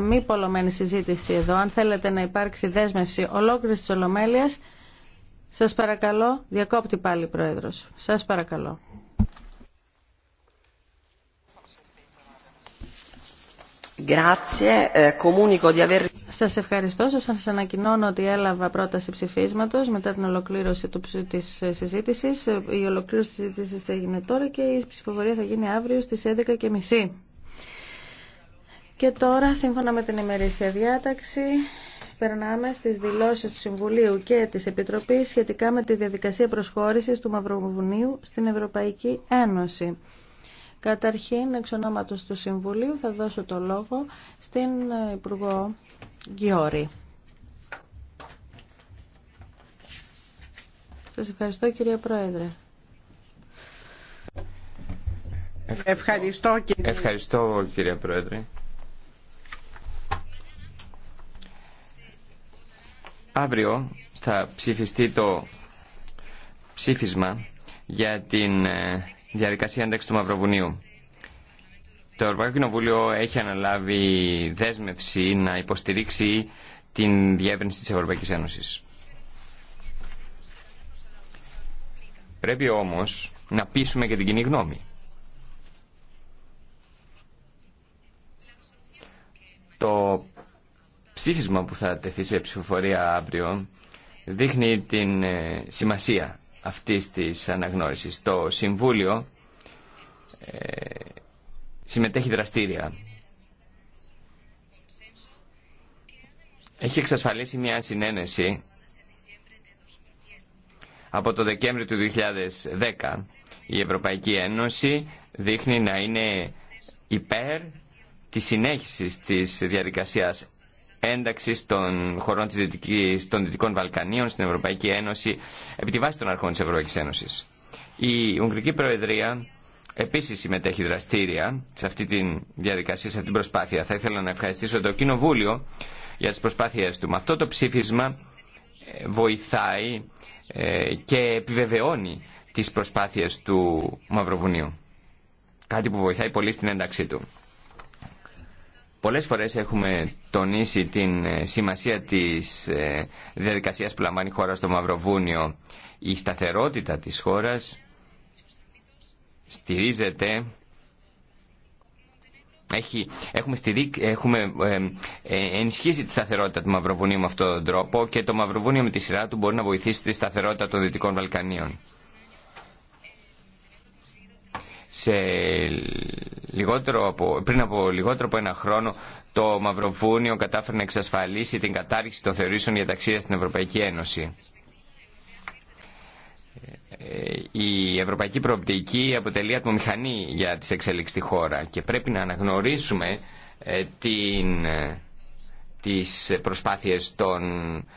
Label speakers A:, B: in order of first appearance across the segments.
A: μη πολλωμένη συζήτηση εδώ. Αν θέλετε να υπάρξει δέσμευση ολόκληρη τη Ολομέλεια, Σα παρακαλώ, διακόπτη πάλι πρόεδρο. Σα παρακαλώ. Ε, Σα ευχαριστώ. Σα ανακοινώνω ότι έλαβα πρόταση ψηφίσματο μετά την ολοκλήρωση τη συζήτηση. Η ολοκλήρωση τη συζήτηση έγινε τώρα και η ψηφοφορία θα γίνει αύριο στι 11.30. Και τώρα, σύμφωνα με την ημερήσια διάταξη, περνάμε στις δηλώσεις του Συμβουλίου και της Επιτροπής σχετικά με τη διαδικασία προσχώρησης του Μαυροβουνίου στην Ευρωπαϊκή Ένωση. Καταρχήν, εξ ονόματος του Συμβουλίου, θα δώσω το λόγο στην Υπουργό Γιώρη. Σας ευχαριστώ, κυρία Πρόεδρε.
B: Ευχαριστώ, ευχαριστώ, κύριε Πρόεδρε. Αύριο θα ψηφιστεί το ψήφισμα για την ε, διαδικασία ένταξη του Μαυροβουνίου. Το Ευρωπαϊκό Κοινοβούλιο έχει αναλάβει δέσμευση να υποστηρίξει την διεύρυνση της Ευρωπαϊκής Ένωσης. Πρέπει όμως να πείσουμε και την κοινή γνώμη. Το ψήφισμα που θα τεθεί σε ψηφοφορία αύριο δείχνει την ε, σημασία αυτής της αναγνώρισης. Το Συμβούλιο ε, συμμετέχει δραστήρια. Έχει εξασφαλίσει μια συνένεση από το Δεκέμβριο του 2010. Η Ευρωπαϊκή Ένωση δείχνει να είναι υπέρ της συνέχισης της διαδικασίας Ένταξη των χωρών της Δυτικής, των Δυτικών Βαλκανίων στην Ευρωπαϊκή Ένωση επί τη βάση των αρχών της Ευρωπαϊκής Ένωσης. Η Ουγγρική Προεδρία επίσης συμμετέχει δραστήρια σε αυτή τη διαδικασία, σε αυτή την προσπάθεια. Θα ήθελα να ευχαριστήσω το Κοινοβούλιο για τις προσπάθειές του. Με αυτό το ψήφισμα ε, βοηθάει ε, και επιβεβαιώνει τις προσπάθειες του Μαυροβουνίου. Κάτι που βοηθάει πολύ στην ένταξή του. Πολλές φορές έχουμε τονίσει την ε, σημασία της ε, διαδικασίας που λαμβάνει η χώρα στο Μαυροβούνιο. Η σταθερότητα της χώρας στηρίζεται έχει, έχουμε, έχουμε ε, ενισχύσει τη σταθερότητα του Μαυροβουνίου με αυτόν τον τρόπο και το Μαυροβούνιο με τη σειρά του μπορεί να βοηθήσει τη σταθερότητα των Δυτικών Βαλκανίων. Σε λιγότερο από, πριν από λιγότερο από ένα χρόνο το Μαυροβούνιο κατάφερε να εξασφαλίσει την κατάρριξη των θεωρήσεων για ταξίδια στην Ευρωπαϊκή Ένωση. Ε, η ευρωπαϊκή προοπτική αποτελεί ατμομηχανή για τις εξέλιξεις στη χώρα και πρέπει να αναγνωρίσουμε ε, την, ε, τις προσπάθειες των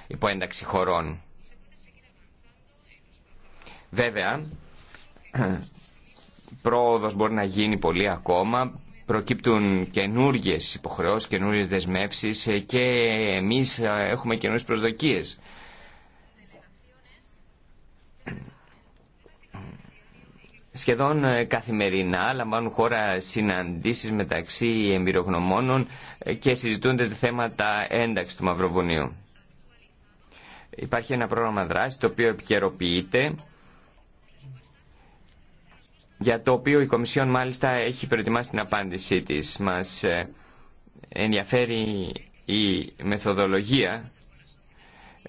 B: υποένταξη χωρών. Βέβαια, πρόοδος μπορεί να γίνει πολύ ακόμα. Προκύπτουν καινούριε υποχρεώσει, καινούριε δεσμεύσει ε, και εμείς ε, έχουμε καινούριε προσδοκίες. Σχεδόν ε, καθημερινά λαμβάνουν χώρα συναντήσεις μεταξύ εμπειρογνωμόνων και συζητούνται θέματα ένταξης του Μαυροβουνίου. Υπάρχει ένα πρόγραμμα δράση το οποίο επικαιροποιείται για το οποίο η Κομισιόν μάλιστα έχει προετοιμάσει την απάντησή της. Μας ε, ενδιαφέρει η μεθοδολογία,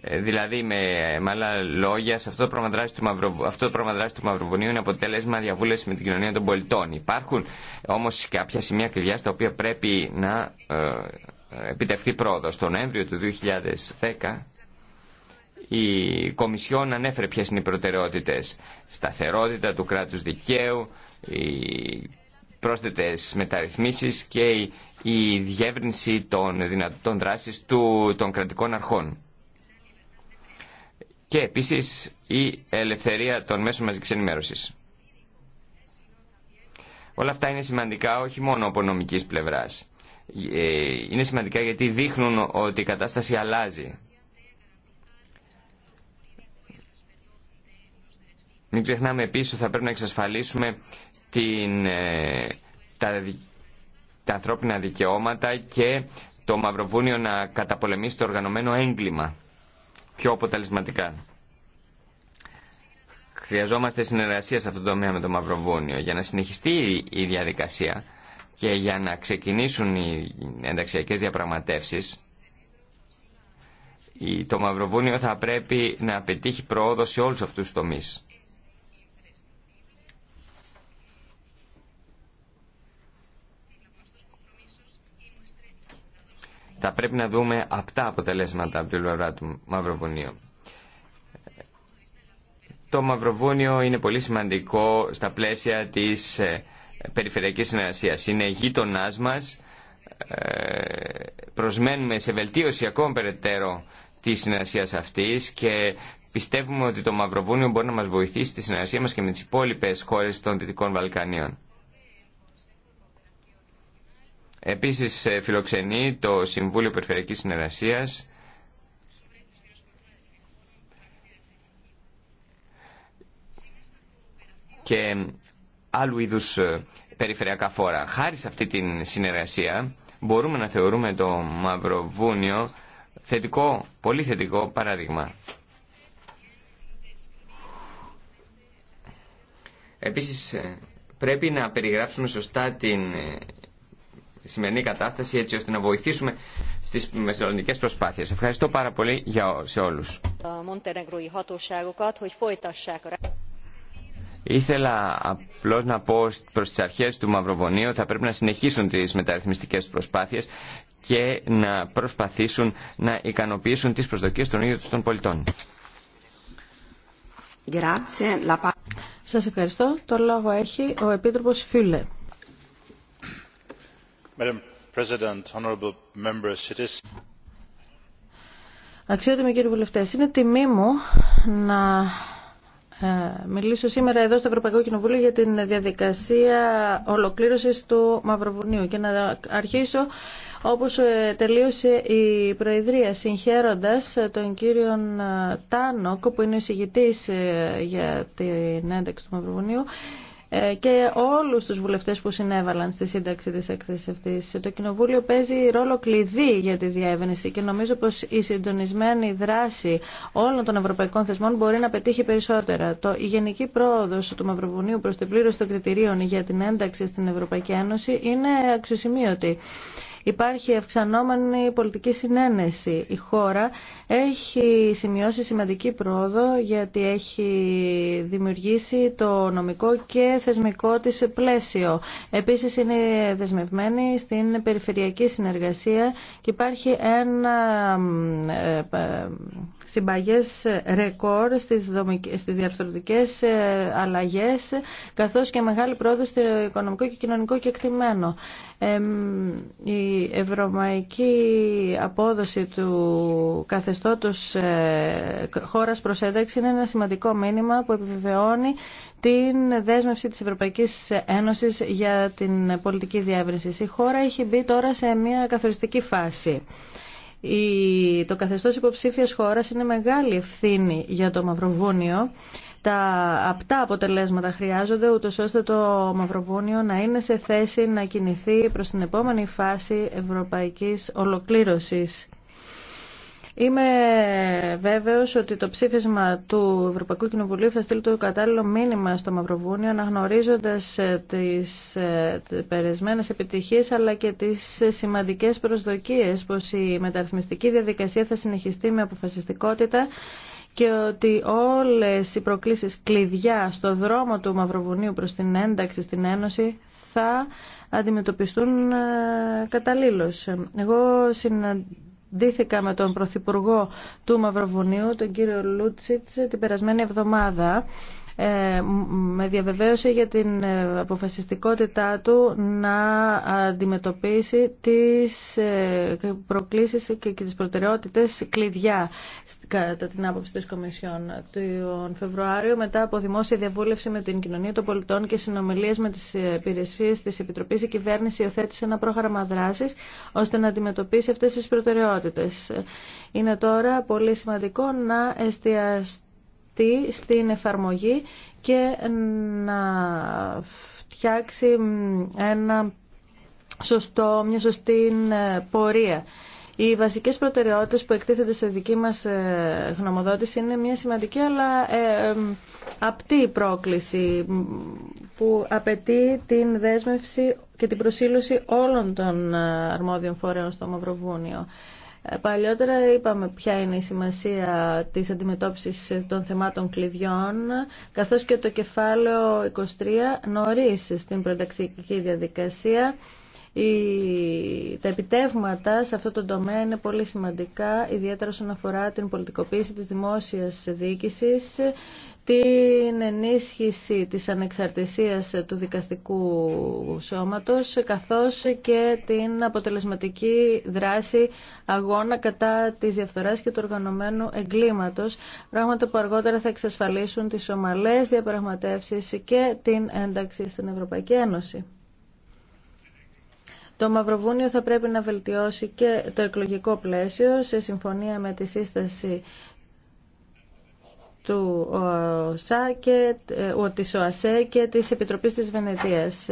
B: ε, δηλαδή με, με άλλα λόγια, σε αυτό το πρόγραμμα δράση του, το του Μαυροβουνίου είναι αποτέλεσμα διαβούλευση με την κοινωνία των πολιτών. Υπάρχουν όμως κάποια σημεία κλειδιά στα οποία πρέπει να ε, επιτευχθεί πρόοδος. Το Νοέμβριο του 2010 η Κομισιόν ανέφερε ποιες είναι οι προτεραιότητες. Σταθερότητα του κράτους δικαίου, οι πρόσθετες μεταρρυθμίσεις και η διεύρυνση των δυνατών δράσης του, των κρατικών αρχών. Και επίσης η ελευθερία των μέσων μαζικής ενημέρωσης. Όλα αυτά είναι σημαντικά όχι μόνο από νομικής πλευράς. Ε, είναι σημαντικά γιατί δείχνουν ότι η κατάσταση αλλάζει Μην ξεχνάμε επίσης ότι θα πρέπει να εξασφαλίσουμε την, ε, τα, τα ανθρώπινα δικαιώματα και το Μαυροβούνιο να καταπολεμήσει το οργανωμένο έγκλημα πιο αποτελεσματικά. Χρειαζόμαστε συνεργασία σε αυτό το τομέα με το Μαυροβούνιο για να συνεχιστεί η διαδικασία και για να ξεκινήσουν οι ενταξιακές διαπραγματεύσεις το Μαυροβούνιο θα πρέπει να πετύχει προόδο σε όλους αυτούς τους τομείς. Θα πρέπει να δούμε αυτά αποτελέσματα από την πλευρά του Μαυροβουνίου. Το Μαυροβούνιο είναι πολύ σημαντικό στα πλαίσια της ε, περιφερειακής συνεργασίας. Είναι γείτονά μας. Ε, προσμένουμε σε βελτίωση ακόμα περαιτέρω της συνεργασίας αυτής και πιστεύουμε ότι το Μαυροβούνιο μπορεί να μας βοηθήσει στη συνεργασία μας και με τις υπόλοιπες χώρες των Δυτικών Βαλκανίων. Επίσης ε, φιλοξενεί το Συμβούλιο Περιφερειακής Συνεργασίας και άλλου είδους ε, περιφερειακά φόρα. Χάρη σε αυτή την συνεργασία μπορούμε να θεωρούμε το Μαυροβούνιο θετικό, πολύ θετικό παράδειγμα. Επίσης ε, πρέπει να περιγράψουμε σωστά την τη σημερινή κατάσταση έτσι ώστε να βοηθήσουμε στις μεσολαβικές προσπάθειες. Ευχαριστώ πάρα πολύ για, σε όλους. Ήθελα απλώ να πω προ τι αρχέ του Μαυροβονίου θα πρέπει να συνεχίσουν τι μεταρρυθμιστικέ του προσπάθειε και να προσπαθήσουν να ικανοποιήσουν τι προσδοκίε των ίδιων του των πολιτών.
A: Σα ευχαριστώ. Το λόγο έχει ο Επίτροπο Φιούλε. Madam President, honorable members, Αξιότιμοι κύριοι βουλευτές, είναι τιμή μου να ε, μιλήσω σήμερα εδώ στο Ευρωπαϊκό Κοινοβούλιο για την διαδικασία ολοκλήρωσης του Μαυροβουνίου και να αρχίσω όπως ε, τελείωσε η Προεδρία συγχαίροντας ε, τον κύριο Τάνοκ που είναι ο για την ένταξη του Μαυροβουνίου ε, και όλους τους βουλευτές που συνέβαλαν στη σύνταξη της έκθεσης αυτής. Το Κοινοβούλιο παίζει ρόλο κλειδί για τη διεύρυνση και νομίζω πως η συντονισμένη δράση όλων των ευρωπαϊκών θεσμών μπορεί να πετύχει περισσότερα. Το, η γενική πρόοδος του Μαυροβουνίου προς την πλήρωση των κριτηρίων για την ένταξη στην Ευρωπαϊκή Ένωση είναι αξιοσημείωτη. Υπάρχει αυξανόμενη πολιτική συνένεση. Η χώρα έχει σημειώσει σημαντική πρόοδο γιατί έχει δημιουργήσει το νομικό και θεσμικό της πλαίσιο. Επίσης είναι δεσμευμένη στην περιφερειακή συνεργασία και υπάρχει ένα ε, ε, συμπαγές ρεκόρ στις, στις διαρθρωτικές ε, αλλαγές καθώς και μεγάλη πρόοδο στο οικονομικό και κοινωνικό κεκτημένο. η η ευρωμαϊκή απόδοση του καθεστώτος ε, χώρας προς ένταξη είναι ένα σημαντικό μήνυμα που επιβεβαιώνει την δέσμευση της Ευρωπαϊκής Ένωσης για την πολιτική διεύρυνση. Η χώρα έχει μπει τώρα σε μια καθοριστική φάση. Το καθεστώς υποψήφιας χώρας είναι μεγάλη ευθύνη για το Μαυροβούνιο τα απτά αποτελέσματα χρειάζονται, ούτως ώστε το Μαυροβούνιο να είναι σε θέση να κινηθεί προς την επόμενη φάση ευρωπαϊκής ολοκλήρωσης. Είμαι βέβαιος ότι το ψήφισμα του Ευρωπαϊκού Κοινοβουλίου θα στείλει το κατάλληλο μήνυμα στο Μαυροβούνιο αναγνωρίζοντας ε, τις ε, περισμένες επιτυχίες αλλά και τις σημαντικές προσδοκίες πως η μεταρρυθμιστική διαδικασία θα συνεχιστεί με αποφασιστικότητα και ότι όλες οι προκλήσεις κλειδιά στο δρόμο του Μαυροβουνίου προς την ένταξη στην Ένωση θα αντιμετωπιστούν ε, καταλήλως. Εγώ συναντήθηκα με τον Πρωθυπουργό του Μαυροβουνίου, τον κύριο Λούτσιτς, την περασμένη εβδομάδα ε, με διαβεβαίωση για την ε, αποφασιστικότητά του να αντιμετωπίσει τις ε, προκλήσεις και τις προτεραιότητες κλειδιά κατά την άποψη της Κομισιόν. Τον Φεβρουάριο μετά από δημόσια διαβούλευση με την κοινωνία των πολιτών και συνομιλίες με τις υπηρεσίες της Επιτροπής η κυβέρνηση υιοθέτησε ένα πρόγραμμα δράσης ώστε να αντιμετωπίσει αυτές τις προτεραιότητες. Είναι τώρα πολύ σημαντικό να εστιαστεί αυτή στην εφαρμογή και να φτιάξει ένα σωστό, μια σωστή ε, πορεία. Οι βασικές προτεραιότητες που εκτίθεται σε δική μας ε, γνωμοδότηση είναι μια σημαντική αλλά ε, ε απτή πρόκληση που απαιτεί την δέσμευση και την προσήλωση όλων των αρμόδιων φορέων στο Μαυροβούνιο. Ε, Παλιότερα είπαμε ποια είναι η σημασία της αντιμετώπισης των θεμάτων κλειδιών, καθώς και το κεφάλαιο 23 νωρίς στην προταξική διαδικασία. Η... Τα επιτεύγματα σε αυτό το τομέα είναι πολύ σημαντικά, ιδιαίτερα όσον αφορά την πολιτικοποίηση της δημόσιας διοίκησης την ενίσχυση της ανεξαρτησίας του δικαστικού σώματος καθώς και την αποτελεσματική δράση αγώνα κατά της διαφθοράς και του οργανωμένου εγκλήματος πράγματα που αργότερα θα εξασφαλίσουν τις ομαλές διαπραγματεύσεις και την ένταξη στην Ευρωπαϊκή Ένωση. Το Μαυροβούνιο θα πρέπει να βελτιώσει και το εκλογικό πλαίσιο σε συμφωνία με τη σύσταση του ε, ΟΣΑ και, ε, της ΟΑΣΕ και της Επιτροπής της Βενετίας.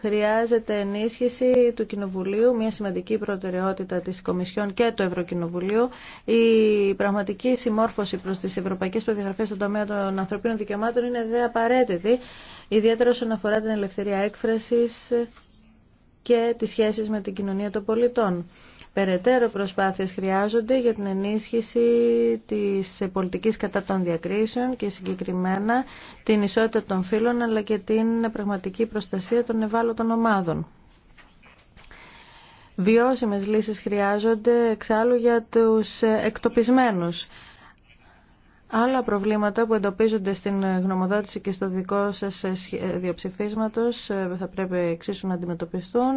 A: Χρειάζεται ενίσχυση του Κοινοβουλίου, μια σημαντική προτεραιότητα της Κομισιόν και του Ευρωκοινοβουλίου, η πραγματική συμμόρφωση προς τις ευρωπαϊκές προδιαγραφές στον τομέα των ανθρωπίνων δικαιωμάτων είναι δε απαραίτητη, ιδιαίτερα όσον αφορά την ελευθερία έκφρασης και τις σχέσεις με την κοινωνία των πολιτών. Περαιτέρω προσπάθειες χρειάζονται για την ενίσχυση της πολιτικής κατά των διακρίσεων και συγκεκριμένα την ισότητα των φύλων αλλά και την πραγματική προστασία των ευάλωτων ομάδων. Βιώσιμες λύσεις χρειάζονται εξάλλου για τους εκτοπισμένους. Άλλα προβλήματα που εντοπίζονται στην γνωμοδότηση και στο δικό σας διοψηφίσματος ε, θα πρέπει εξίσου να αντιμετωπιστούν.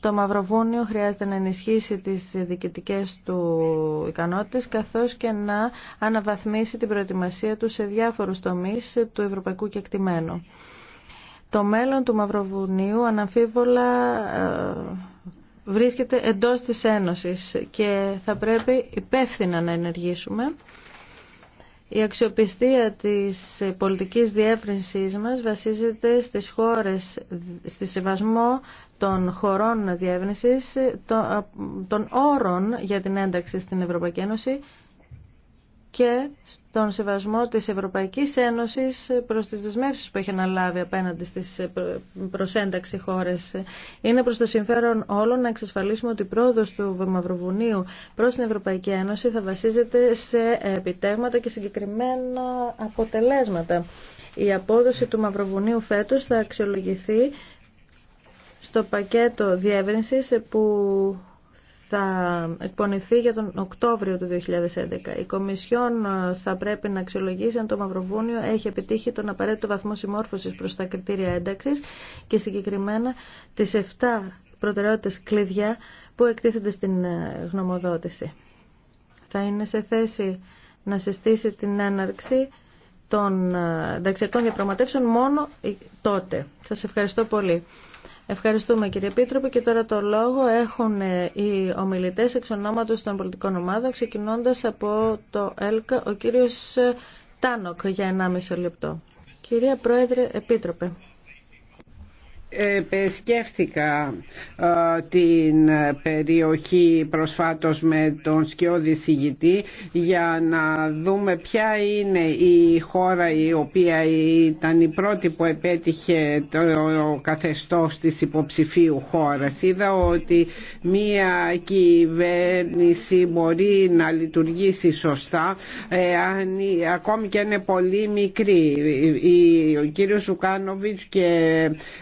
A: Το Μαυροβούνιο χρειάζεται να ενισχύσει τις διοικητικές του ικανότητες καθώς και να αναβαθμίσει την προετοιμασία του σε διάφορους τομείς του ευρωπαϊκού κεκτημένου. Το μέλλον του Μαυροβουνίου αναμφίβολα ε, βρίσκεται εντός της Ένωσης και θα πρέπει υπεύθυνα να ενεργήσουμε η αξιοπιστία της πολιτικής διεύρυνσής μας βασίζεται στις χώρες, στη σεβασμό των χωρών διεύρυνσης, των όρων για την ένταξη στην Ευρωπαϊκή Ένωση και στον σεβασμό της Ευρωπαϊκής Ένωσης προς τις δεσμεύσεις που έχει αναλάβει απέναντι στις ε, προσένταξη χώρες. Είναι προς το συμφέρον όλων να εξασφαλίσουμε ότι η πρόοδος του Μαυροβουνίου προς την Ευρωπαϊκή Ένωση θα βασίζεται σε επιτέγματα και συγκεκριμένα αποτελέσματα. Η απόδοση του Μαυροβουνίου φέτος θα αξιολογηθεί στο πακέτο διεύρυνσης που θα εκπονηθεί για τον Οκτώβριο του 2011. Η Κομισιόν ε, θα πρέπει να αξιολογήσει αν το Μαυροβούνιο έχει επιτύχει τον απαραίτητο βαθμό συμμόρφωση προς τα κριτήρια ένταξης και συγκεκριμένα τις 7 προτεραιότητε κλειδιά που εκτίθενται στην ε, γνωμοδότηση. Θα είναι σε θέση να συστήσει την έναρξη των ε, ενταξιακών διαπραγματεύσεων μόνο τότε. Σας ευχαριστώ πολύ. Ευχαριστούμε κύριε Επίτροπε και τώρα το λόγο έχουν ε, οι ομιλητές εξ ονόματος των πολιτικών ομάδων ξεκινώντας από το ΕΛΚΑ ο κύριος ε, Τάνοκ για 1,5 λεπτό. Κυρία Πρόεδρε Επίτροπε
C: επισκέφθηκα την περιοχή προσφάτως με τον σκιώδη συγητή για να δούμε ποια είναι η χώρα η οποία ήταν η πρώτη που επέτυχε το καθεστώς της υποψηφίου χώρας. Είδα ότι μία κυβέρνηση μπορεί να λειτουργήσει σωστά αν, ακόμη και είναι πολύ μικρή. Ο κύριος Ζουκάνοβιτς και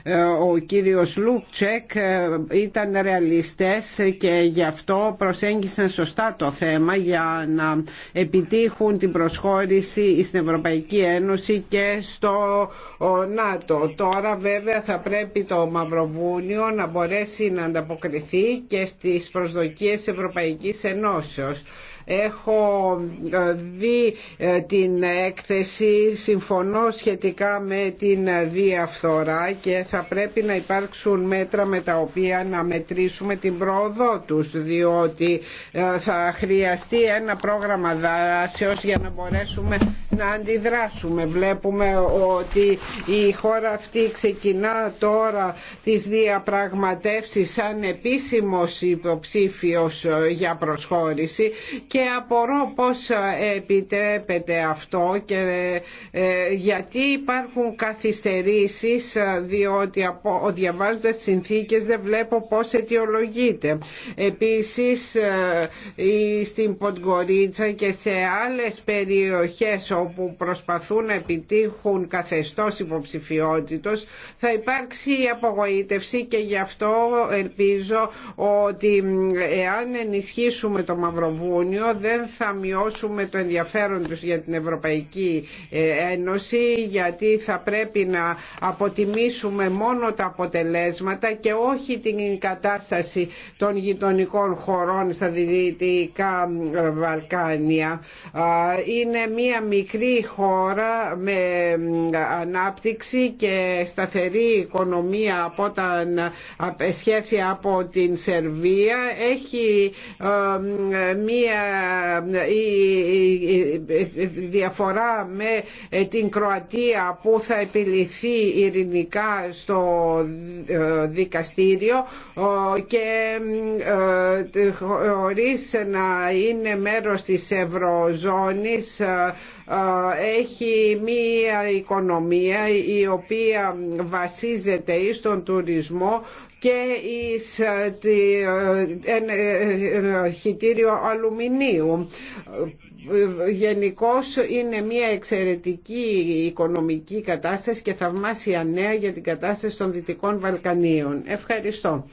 C: ε, ο κύριος Λούκτσεκ ε, ήταν ρεαλιστές και γι' αυτό προσέγγισαν σωστά το θέμα για να επιτύχουν την προσχώρηση στην Ευρωπαϊκή Ένωση και στο ΝΑΤΟ. Τώρα βέβαια θα πρέπει το Μαυροβούνιο να μπορέσει να ανταποκριθεί και στις προσδοκίες Ευρωπαϊκής Ενώσεως Έχω ε, δει ε, την έκθεση, συμφωνώ σχετικά με την διαφθορά και θα πρέπει να υπάρξουν μέτρα με τα οποία να μετρήσουμε την πρόοδό τους διότι ε, θα χρειαστεί ένα πρόγραμμα δράσεως για να μπορέσουμε να αντιδράσουμε. Βλέπουμε ότι η χώρα αυτή ξεκινά τώρα τις διαπραγματεύσεις σαν επίσημος υποψήφιος για προσχώρηση και και απορώ πώς επιτρέπεται αυτό και ε, γιατί υπάρχουν καθυστερήσεις ε, διότι από, διαβάζοντας συνθήκες δεν βλέπω πώς αιτιολογείται. Επίσης ε, στην Ποντγκορίτσα και σε άλλες περιοχές όπου προσπαθούν να επιτύχουν καθεστώς υποψηφιότητος θα υπάρξει απογοήτευση και γι' αυτό ελπίζω ότι εάν ενισχύσουμε το Μαυροβούνιο δεν θα μειώσουμε το ενδιαφέρον τους για την Ευρωπαϊκή ε, Ένωση γιατί θα πρέπει να αποτιμήσουμε μόνο τα αποτελέσματα και όχι την κατάσταση των γειτονικών χωρών στα Δυτικά ε, Βαλκάνια. Είναι μία μικρή χώρα με ανάπτυξη και σταθερή οικονομία από όταν ε, από την Σερβία. Έχει μία ε, η διαφορά με ε, την Κροατία που θα επιληθεί ειρηνικά στο ε, δικαστήριο και χωρίς να είναι μέρος της Ευρωζώνης έχει μία οικονομία η οποία βασίζεται στον τουρισμό και εις ε, ε, ε, χιτήριο αλουμινίου. Γενικώ είναι μια εξαιρετική οικονομική κατάσταση και θαυμάσια νέα για την κατάσταση των Δυτικών Βαλκανίων. Ευχαριστώ.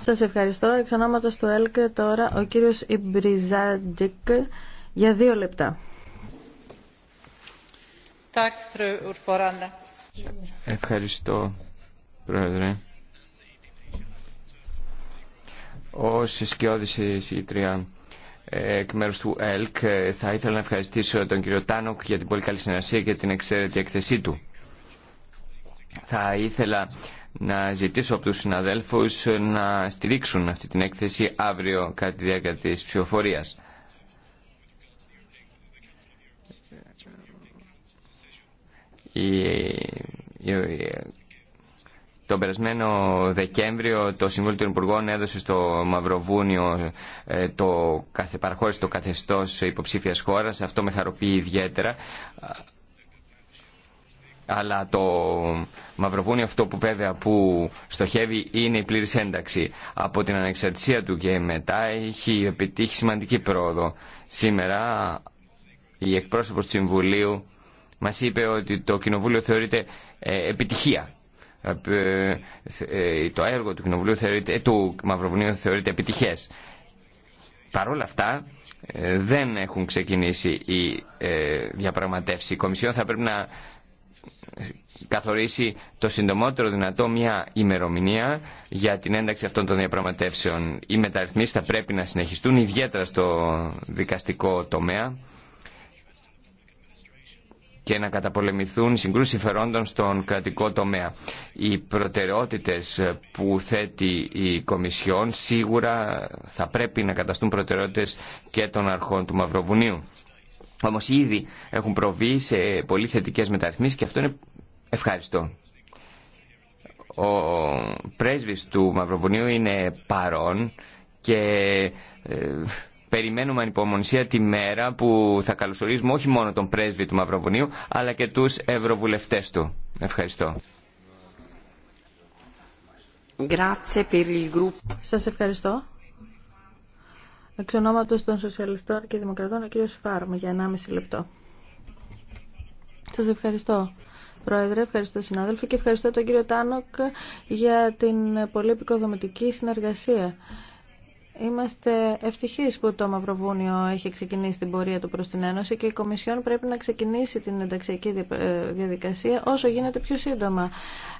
C: Σα ευχαριστώ. Εξ ονόματος του ΕΛΚ τώρα ο κύριο
A: Ιμπριζάντζικ για δύο λεπτά.
B: Ευχαριστώ, Πρόεδρε. Ως σκιώδηση συγκεκριά εκ μέρου του ΕΛΚ ε, θα ήθελα να ευχαριστήσω τον κύριο Τάνοκ για την πολύ καλή συνεργασία και την εξαίρετη εκθεσή του. Θα ήθελα να ζητήσω από τους συναδέλφους να στηρίξουν αυτή την έκθεση αύριο κατά τη διάρκεια της ψηφοφορίας. Τον περασμένο Δεκέμβριο το Συμβούλιο των Υπουργών έδωσε στο Μαυροβούνιο ε, το παραχώρηση το καθεστώς υποψήφιας χώρας. Αυτό με χαροποιεί ιδιαίτερα. Αλλά το Μαυροβούνιο αυτό που βέβαια που στοχεύει είναι η πλήρης ένταξη. Από την ανεξαρτησία του και μετά έχει επιτύχει σημαντική πρόοδο. Σήμερα η εκπρόσωπος του Συμβουλίου μας είπε ότι το Κοινοβούλιο θεωρείται ε, επιτυχία ε, ε, το έργο του, Κοινοβουλίου θεωρείται, ε, του Μαυροβουνίου θεωρείται επιτυχές. Παρ' όλα αυτά δεν έχουν ξεκινήσει οι διαπραγματεύσεις. Η Κομισιόν θα πρέπει να καθορίσει το συντομότερο δυνατό μια ημερομηνία για την ένταξη αυτών των διαπραγματεύσεων. Οι μεταρρυθμίσεις θα πρέπει να συνεχιστούν ιδιαίτερα στο δικαστικό τομέα και να καταπολεμηθούν συγκρούσει συμφερόντων στον κρατικό τομέα. Οι προτεραιότητες που θέτει η Κομισιόν σίγουρα θα πρέπει να καταστούν προτεραιότητες και των αρχών του Μαυροβουνίου. Όμως ήδη έχουν προβεί σε πολύ θετικέ μεταρρυθμίσεις και αυτό είναι ευχάριστο. Ο πρέσβης του Μαυροβουνίου είναι παρόν και ε, περιμένουμε ανυπομονησία τη μέρα που θα καλωσορίζουμε όχι μόνο τον πρέσβη του Μαυροβουνίου, αλλά και τους ευρωβουλευτές του. Ευχαριστώ.
A: Σας ευχαριστώ. Εξ ονόματος των Σοσιαλιστών και Δημοκρατών, ο κύριος Φάρμ, για 1,5 λεπτό. Σας ευχαριστώ. Πρόεδρε, ευχαριστώ συνάδελφοι και ευχαριστώ τον κύριο Τάνοκ για την πολύ επικοδομητική συνεργασία. Είμαστε ευτυχείς που το Μαυροβούνιο έχει ξεκινήσει την πορεία του προς την Ένωση και η Κομισιόν πρέπει να ξεκινήσει την ενταξιακή ε, διαδικασία όσο γίνεται πιο σύντομα.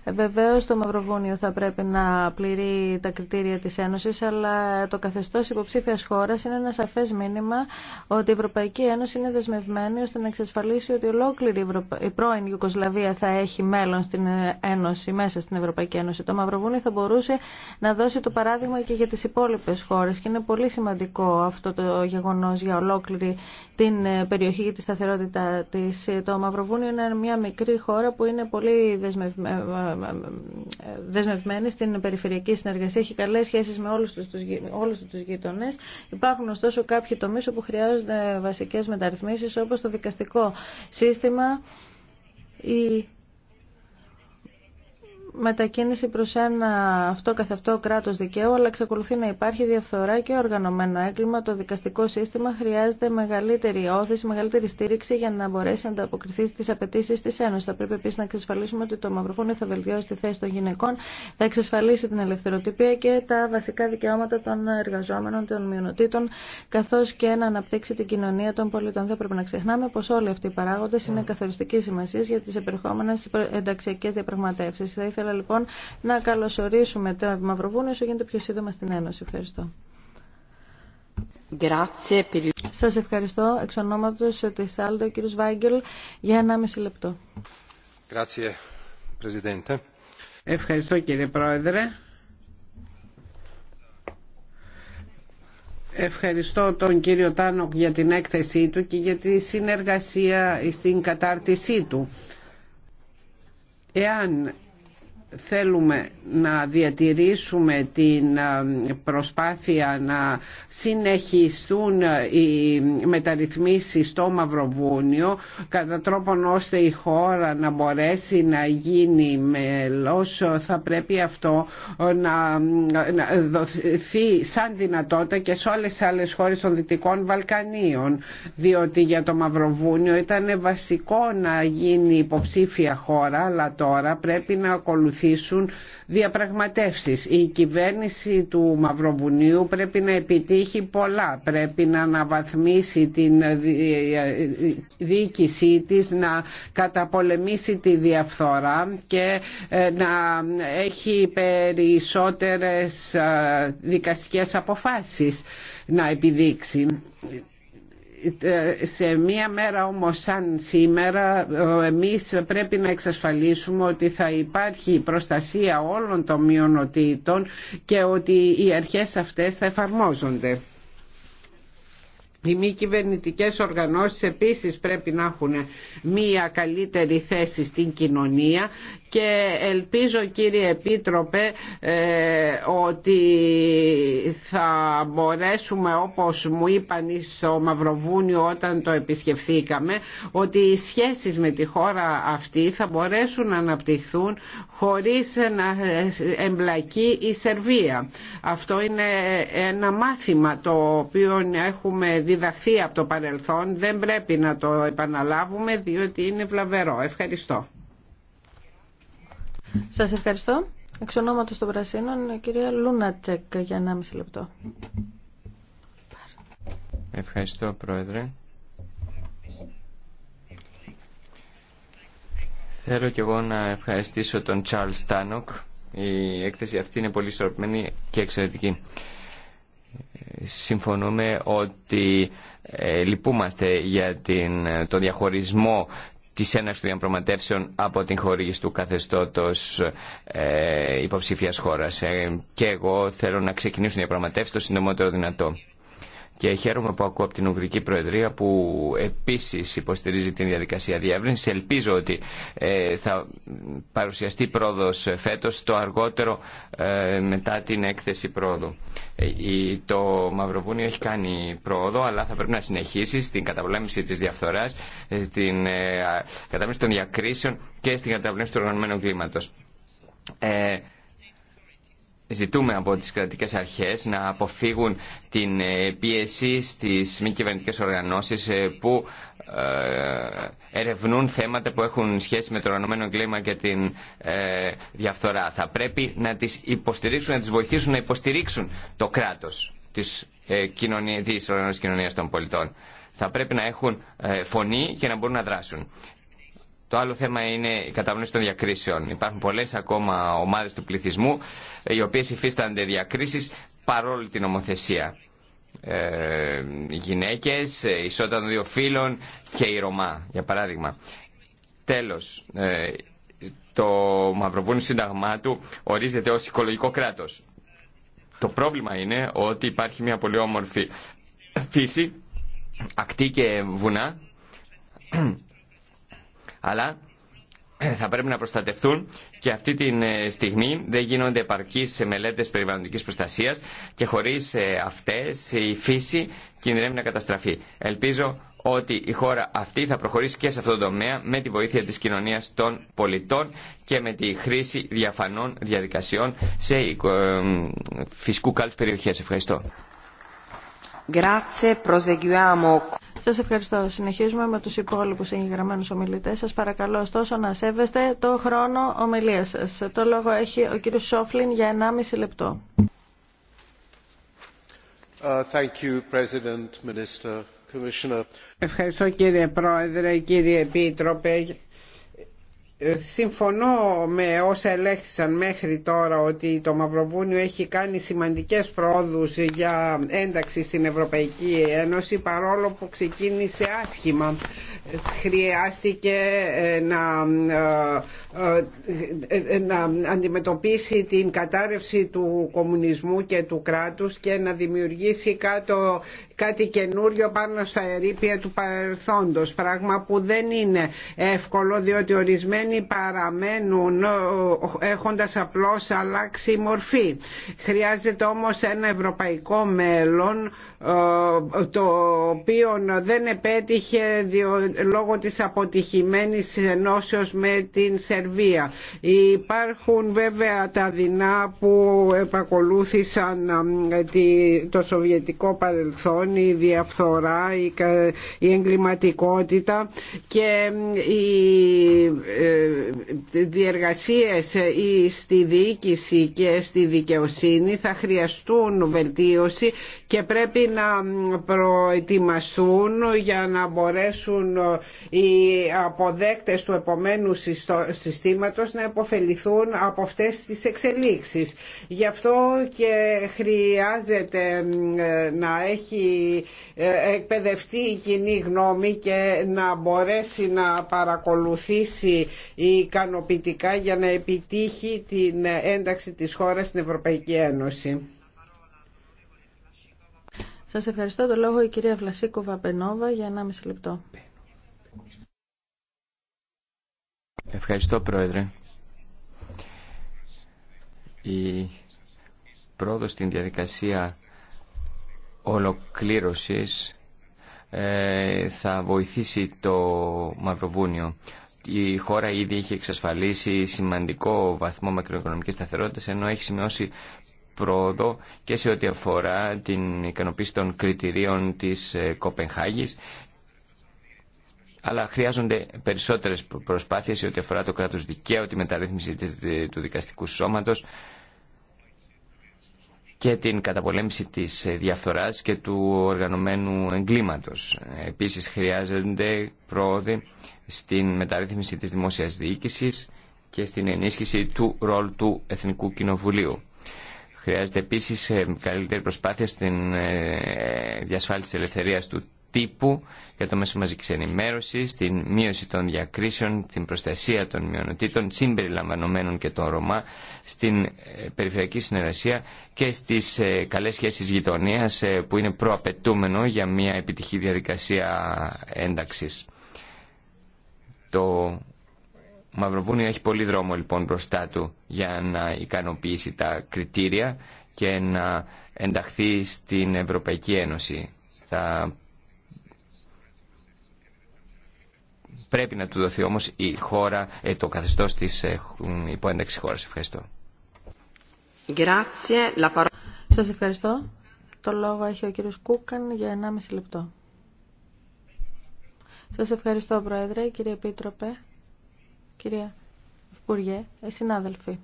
A: Ε, βεβαίως το Μαυροβούνιο θα πρέπει να πληρεί τα κριτήρια της Ένωσης, αλλά το καθεστώς υποψήφιας χώρας είναι ένα σαφές μήνυμα ότι η Ευρωπαϊκή Ένωση είναι δεσμευμένη ώστε να εξασφαλίσει ότι ολόκληρη η πρώην Ιουκοσλαβία θα έχει μέλλον στην ε, Ένωση, μέσα στην Ευρωπαϊκή Ένωση. Το Μαυροβούνιο θα μπορούσε να δώσει το παράδειγμα και για τις υπόλοιπες χώρες και είναι πολύ σημαντικό αυτό το γεγονός για ολόκληρη την ε, περιοχή και τη σταθερότητα της. Ε, το Μαυροβούνιο είναι μια μικρή χώρα που είναι πολύ ε, δεσμευμένη στην περιφερειακή συνεργασία, έχει καλές σχέσεις με όλους τους, όλους τους γείτονες. Υπάρχουν ωστόσο κάποιοι τομείς όπου χρειάζονται βασικές μεταρρυθμίσεις όπως το δικαστικό σύστημα, η μετακίνηση προς ένα αυτό καθ' αυτό κράτος δικαίου, αλλά εξακολουθεί να υπάρχει διαφθορά και οργανωμένο έγκλημα. Το δικαστικό σύστημα χρειάζεται μεγαλύτερη όθηση, μεγαλύτερη στήριξη για να μπορέσει να ανταποκριθεί στι απαιτήσει τη Ένωση. Θα πρέπει επίση να εξασφαλίσουμε ότι το Μαυροφόνιο θα βελτιώσει τη θέση των γυναικών, θα εξασφαλίσει την ελευθεροτυπία και τα βασικά δικαιώματα των εργαζόμενων, των μειονοτήτων, καθώ και να αναπτύξει την κοινωνία των πολιτών. Θα πρέπει να ξεχνάμε πω όλοι αυτοί οι παράγοντε είναι καθοριστική σημασία για τι επερχόμενε ενταξιακέ διαπραγματεύσει. Θα ήθελα ήθελα λοιπόν να καλωσορίσουμε το Μαυροβούνιο όσο γίνεται πιο σύντομα στην Ένωση. Ευχαριστώ. Σα ευχαριστώ. Εξ ονόματο τη Άλντο, ο κύριο Βάγκελ για μισή
C: λεπτό. Ευχαριστώ κύριε Πρόεδρε. Ευχαριστώ τον κύριο Τάνοκ για την έκθεσή του και για τη συνεργασία στην κατάρτισή του. Εάν θέλουμε να διατηρήσουμε την ε, προσπάθεια να συνεχιστούν οι μεταρρυθμίσεις στο Μαυροβούνιο κατά τρόπον ώστε η χώρα να μπορέσει να γίνει μέλος θα πρέπει αυτό να δοθεί σαν δυνατότητα και σε όλες τις άλλες χώρες των Δυτικών Βαλκανίων διότι για το Μαυροβούνιο ήταν βασικό να γίνει υποψήφια χώρα αλλά τώρα πρέπει να ακολουθήσουν διαπραγματεύσεις. Η κυβέρνηση του Μαυροβουνίου πρέπει να επιτύχει πολλά. Πρέπει να αναβαθμίσει την διοίκησή της, να καταπολεμήσει τη διαφθορά και ε, να έχει περισσότερες ε, δικαστικές αποφάσεις να επιδείξει σε μία μέρα όμως σαν σήμερα εμείς πρέπει να εξασφαλίσουμε ότι θα υπάρχει προστασία όλων των μειονοτήτων και ότι οι αρχές αυτές θα εφαρμόζονται. Οι μη κυβερνητικέ οργανώσεις επίσης πρέπει να έχουν μία καλύτερη θέση στην κοινωνία και ελπίζω κύριε Επίτροπε ε, ότι θα μπορέσουμε όπως μου είπαν στο Μαυροβούνιο όταν το επισκεφθήκαμε ότι οι σχέσεις με τη χώρα αυτή θα μπορέσουν να αναπτυχθούν χωρίς να εμπλακεί η Σερβία. Αυτό είναι ένα μάθημα το οποίο έχουμε διδαχθεί από το παρελθόν, δεν πρέπει να το επαναλάβουμε διότι είναι βλαβερό. Ευχαριστώ.
A: Σας ευχαριστώ. Εξ ονόματος των Πρασίνων, κυρία Λούνατσεκ για μισή λεπτό.
B: Ευχαριστώ, Πρόεδρε. Θέλω κι εγώ να ευχαριστήσω τον Charles Τάνοκ. Η έκθεση αυτή είναι πολύ σορπμένη και εξαιρετική συμφωνούμε ότι ε, λυπούμαστε για την, διαχωρισμό της έναρξη των διαπραγματεύσεων από την χορήγηση του Καθεστώτο ε, υποψηφίας χώρας. Ε, και εγώ θέλω να ξεκινήσουν οι διαπραγματεύσεις το συντομότερο δυνατό. Και χαίρομαι που ακούω από την Ουγγρική Προεδρία που επίσης υποστηρίζει την διαδικασία διεύρυνση. Ελπίζω ότι ε, θα παρουσιαστεί πρόοδος φέτος, το αργότερο ε, μετά την έκθεση πρόοδου. Ε, το Μαυροβούνιο έχει κάνει πρόοδο, αλλά θα πρέπει να συνεχίσει στην καταπολέμηση της διαφθοράς, στην καταπολέμηση των διακρίσεων και στην καταπολέμηση του οργανωμένου κλίματος ζητούμε από τις κρατικές αρχές να αποφύγουν την ε, πίεση στις μη κυβερνητικέ οργανώσεις ε, που ε, ερευνούν θέματα που έχουν σχέση με το οργανωμένο κλίμα και την διαφθορά. Θα πρέπει να τις υποστηρίξουν, να τις βοηθήσουν να υποστηρίξουν το κράτος της, κοινωνίας, της οργανώσης κοινωνίας των πολιτών. Θα πρέπει να έχουν φωνή και να μπορούν να δράσουν. Το άλλο θέμα είναι η κατανόηση των διακρίσεων. Υπάρχουν πολλέ ακόμα ομάδε του πληθυσμού ε, οι οποίε υφίστανται διακρίσει παρόλη την ομοθεσία Ε, γυναίκες, ε, ισότητα των δύο φύλων και η Ρωμά, για παράδειγμα. Τέλος, ε, το Μαυροβούνιο Σύνταγμά του ορίζεται ως οικολογικό κράτος. Το πρόβλημα είναι ότι υπάρχει μια πολύ όμορφη φύση, ακτή και βουνά, αλλά ε, θα πρέπει να προστατευτούν και αυτή τη ε, στιγμή δεν γίνονται επαρκείς μελέτες περιβαλλοντικής προστασίας και χωρίς ε, αυτές η φύση κινδυνεύει να καταστραφεί. Ελπίζω ότι η χώρα αυτή θα προχωρήσει και σε αυτό το τομέα με τη βοήθεια της κοινωνίας των πολιτών και με τη χρήση διαφανών διαδικασιών σε φυσικού κάλους περιοχές. Ευχαριστώ.
A: Σα ευχαριστώ. Συνεχίζουμε με τους υπόλοιπους εγγεγραμμένου ομιλητές. Σας παρακαλώ ωστόσο να σέβεστε το χρόνο ομιλίας σας. Το λόγο έχει ο κύριος Σόφλιν για
C: 1,5 λεπτό. Uh, ευχαριστώ κύριε Πρόεδρε, κύριε Επίτροπε ε, συμφωνώ με όσα ελέγχθησαν μέχρι τώρα ότι το Μαυροβούνιο έχει κάνει σημαντικές πρόοδους για ένταξη στην Ευρωπαϊκή Ένωση παρόλο που ξεκίνησε άσχημα. Χρειάστηκε ε, να, ε, να αντιμετωπίσει την κατάρρευση του κομμουνισμού και του κράτους και να δημιουργήσει κάτι καινούριο πάνω στα ερήπια του παρελθόντος. Πράγμα που δεν είναι εύκολο διότι ορισμένοι ορισμένοι παραμένουν έχοντας απλώς αλλάξει μορφή. Χρειάζεται όμως ένα ευρωπαϊκό μέλλον το οποίο δεν επέτυχε λόγω της αποτυχημένης ενώσεως με την Σερβία. Υπάρχουν βέβαια τα δεινά που επακολούθησαν το σοβιετικό παρελθόν, η διαφθορά, η εγκληματικότητα και η ε, ε, διεργασίες ή στη διοίκηση και στη δικαιοσύνη θα χρειαστούν βελτίωση και πρέπει να προετοιμαστούν για να μπορέσουν οι αποδέκτες του επομένου συστήματος να υποφεληθούν από αυτές τις εξελίξεις. Γι' αυτό και χρειάζεται να έχει ε, εκπαιδευτεί η κοινή γνώμη και να μπορέσει να παρακολουθήσει ικανοποιητικά για να επιτύχει την ένταξη της χώρας στην Ευρωπαϊκή Ένωση. Σας ευχαριστώ. Το λόγο η
A: κυρία Βλασίκοβα Πενόβα για 1,5 λεπτό.
B: Ευχαριστώ Πρόεδρε. Η πρόοδος στην διαδικασία ολοκλήρωσης ε, θα βοηθήσει το Μαυροβούνιο η χώρα ήδη είχε εξασφαλίσει σημαντικό βαθμό μακροοικονομικής σταθερότητας ενώ έχει σημειώσει πρόοδο και σε ό,τι αφορά την ικανοποίηση των κριτηρίων της ε, Κοπενχάγης αλλά χρειάζονται περισσότερες προσπάθειες σε ό,τι αφορά το κράτος δικαίου, τη μεταρρύθμιση ε, του δικαστικού σώματος και την καταπολέμηση της διαφθοράς και του οργανωμένου εγκλήματος. Επίσης χρειάζονται πρόοδοι στην μεταρρύθμιση της δημόσιας διοίκησης και στην ενίσχυση του ρόλου του Εθνικού Κοινοβουλίου. Χρειάζεται επίσης ε, καλύτερη προσπάθεια στην ε, διασφάλιση της ελευθερίας του τύπου, για το μέσο μαζική ενημέρωση, την μείωση των διακρίσεων, την προστασία των μειονοτήτων, συμπεριλαμβανομένων και των Ρωμά, στην ε, περιφερειακή συνεργασία και στις ε, καλές σχέσει γειτονία, ε, που είναι προαπαιτούμενο για μια επιτυχή διαδικασία ένταξη. Το Μαυροβούνιο έχει πολύ δρόμο λοιπόν μπροστά του για να ικανοποιήσει τα κριτήρια και να ενταχθεί στην Ευρωπαϊκή Ένωση. Θα Πρέπει να του δοθεί όμως η χώρα, ε, το καθεστώς της ε, υποένταξης χώρας. Ευχαριστώ.
A: Σας ευχαριστώ. Το λόγο έχει ο κύριος Κούκαν για 1,5 λεπτό. Σας ευχαριστώ, Πρόεδρε, κύριε Επίτροπε, κυρία Υπουργέ, ε, συνάδελφοι.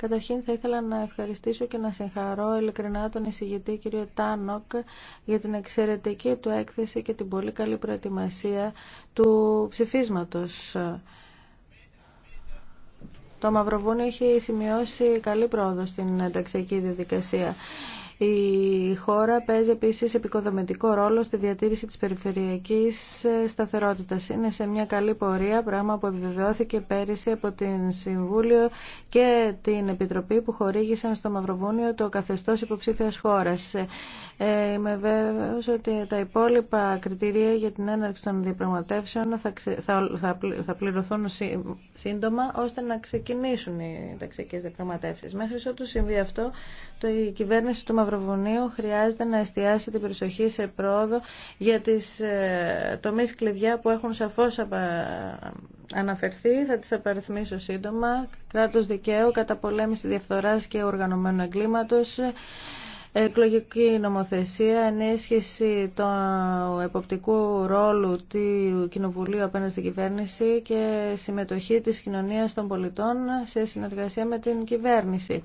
A: Καταρχήν θα ήθελα να ευχαριστήσω και να συγχαρώ ειλικρινά τον εισηγητή κύριο Τάνοκ για την εξαιρετική του έκθεση και την πολύ καλή προετοιμασία του ψηφίσματος. Το Μαυροβούνιο έχει σημειώσει καλή πρόοδο στην ενταξιακή διαδικασία. Η χώρα παίζει επίσης επικοδομητικό ρόλο στη διατήρηση της περιφερειακής ε, σταθερότητας. Είναι σε μια καλή πορεία, πράγμα που επιβεβαιώθηκε πέρυσι από την Συμβούλιο και την Επιτροπή που χορήγησαν στο Μαυροβούνιο το καθεστώς υποψήφιας χώρας. Ε, ε, είμαι βέβαιο ότι τα υπόλοιπα κριτήρια για την έναρξη των διαπραγματεύσεων θα, θα, θα, πληρωθούν σύντομα ώστε να ξεκινήσουν οι ταξικέ διαπραγματεύσει. Μέχρι ότου συμβεί αυτό, το, η κυβέρνηση του Μαυροβούνιου Μαυροβουνίου χρειάζεται να εστιάσει την προσοχή σε πρόοδο για τις ε, τομείς κλειδιά που έχουν σαφώς αναφερθεί. Θα τις απαριθμίσω σύντομα. Κράτος δικαίου, καταπολέμηση διαφθοράς και οργανωμένου εγκλήματος, εκλογική νομοθεσία, ενίσχυση του εποπτικού ρόλου του Κοινοβουλίου απέναντι στην κυβέρνηση και συμμετοχή της κοινωνίας των πολιτών σε συνεργασία με την κυβέρνηση.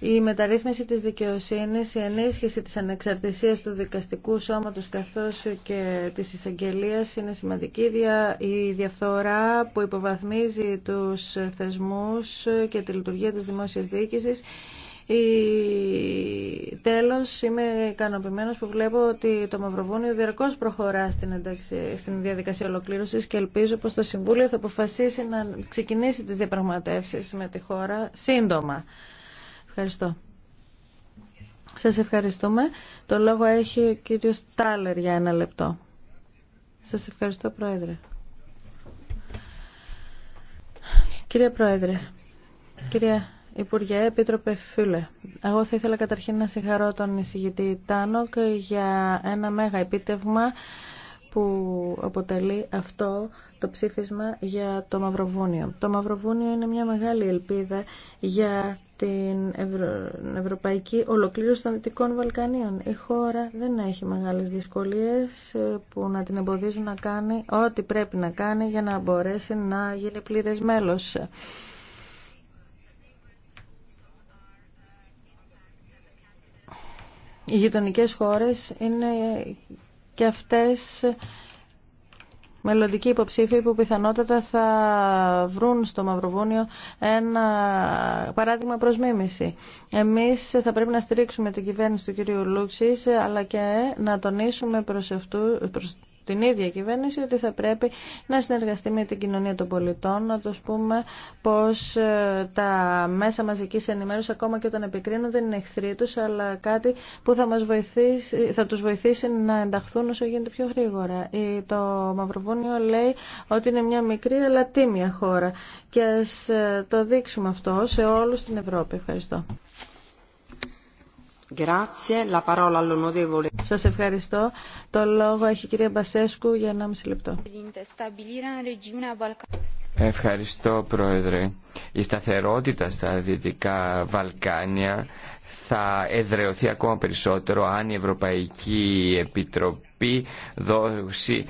A: Η μεταρρύθμιση της δικαιοσύνης, η ενίσχυση της ανεξαρτησίας του δικαστικού σώματος καθώς και της εισαγγελία είναι σημαντική. Η διαφθορά που υποβαθμίζει τους θεσμούς και τη λειτουργία της δημόσιας διοίκησης η... Τέλος, είμαι ικανοποιημένο που βλέπω ότι το Μαυροβούνιο διαρκώς προχωρά στην, στην διαδικασία ολοκλήρωσης και ελπίζω πως το Συμβούλιο θα αποφασίσει να ξεκινήσει τις διαπραγματεύσεις με τη χώρα σύντομα. Ευχαριστώ. Σας ευχαριστούμε. Το λόγο έχει ο κύριος Τάλερ για ένα λεπτό. Σας ευχαριστώ, Πρόεδρε. Κύριε Πρόεδρε, κυρία Υπουργέ, Επίτροπε Φίλε, εγώ θα ήθελα καταρχήν να συγχαρώ τον εισηγητή Τάνοκ για ένα μέγα επίτευγμα που αποτελεί αυτό το ψήφισμα για το Μαυροβούνιο. Το Μαυροβούνιο είναι μια μεγάλη ελπίδα για την ευρωπαϊκή ολοκλήρωση των Δυτικών Βαλκανίων. Η χώρα δεν έχει μεγάλες δυσκολίες ε, που να την εμποδίζουν να κάνει ό,τι πρέπει να κάνει για να μπορέσει να γίνει πλήρες μέλος. Οι γειτονικές χώρες είναι και αυτές μελλοντικοί υποψήφοι που πιθανότατα θα βρουν στο Μαυροβούνιο ένα παράδειγμα προς μίμηση. Εμείς θα πρέπει να στηρίξουμε την κυβέρνηση του κ. Λούξη, αλλά και να τονίσουμε προς, αυτού, την ίδια κυβέρνηση ότι θα πρέπει να συνεργαστεί με την κοινωνία των πολιτών, να το πούμε πως ε, τα μέσα μαζικής ενημέρωσης ακόμα και όταν επικρίνουν δεν είναι εχθροί τους, αλλά κάτι που θα, μας βοηθήσει, θα τους βοηθήσει να ενταχθούν όσο γίνεται πιο γρήγορα. Το Μαυροβούνιο λέει ότι είναι μια μικρή αλλά τίμια χώρα και ας ε, το δείξουμε αυτό σε όλους στην Ευρώπη. Ευχαριστώ. Σας ευχαριστώ. Το λόγο έχει η κυρία Μπασέσκου για 1,5 λεπτό.
B: Ευχαριστώ, Πρόεδρε. Η σταθερότητα στα Δυτικά Βαλκάνια θα εδρεωθεί ακόμα περισσότερο αν η Ευρωπαϊκή Επιτροπή δώσει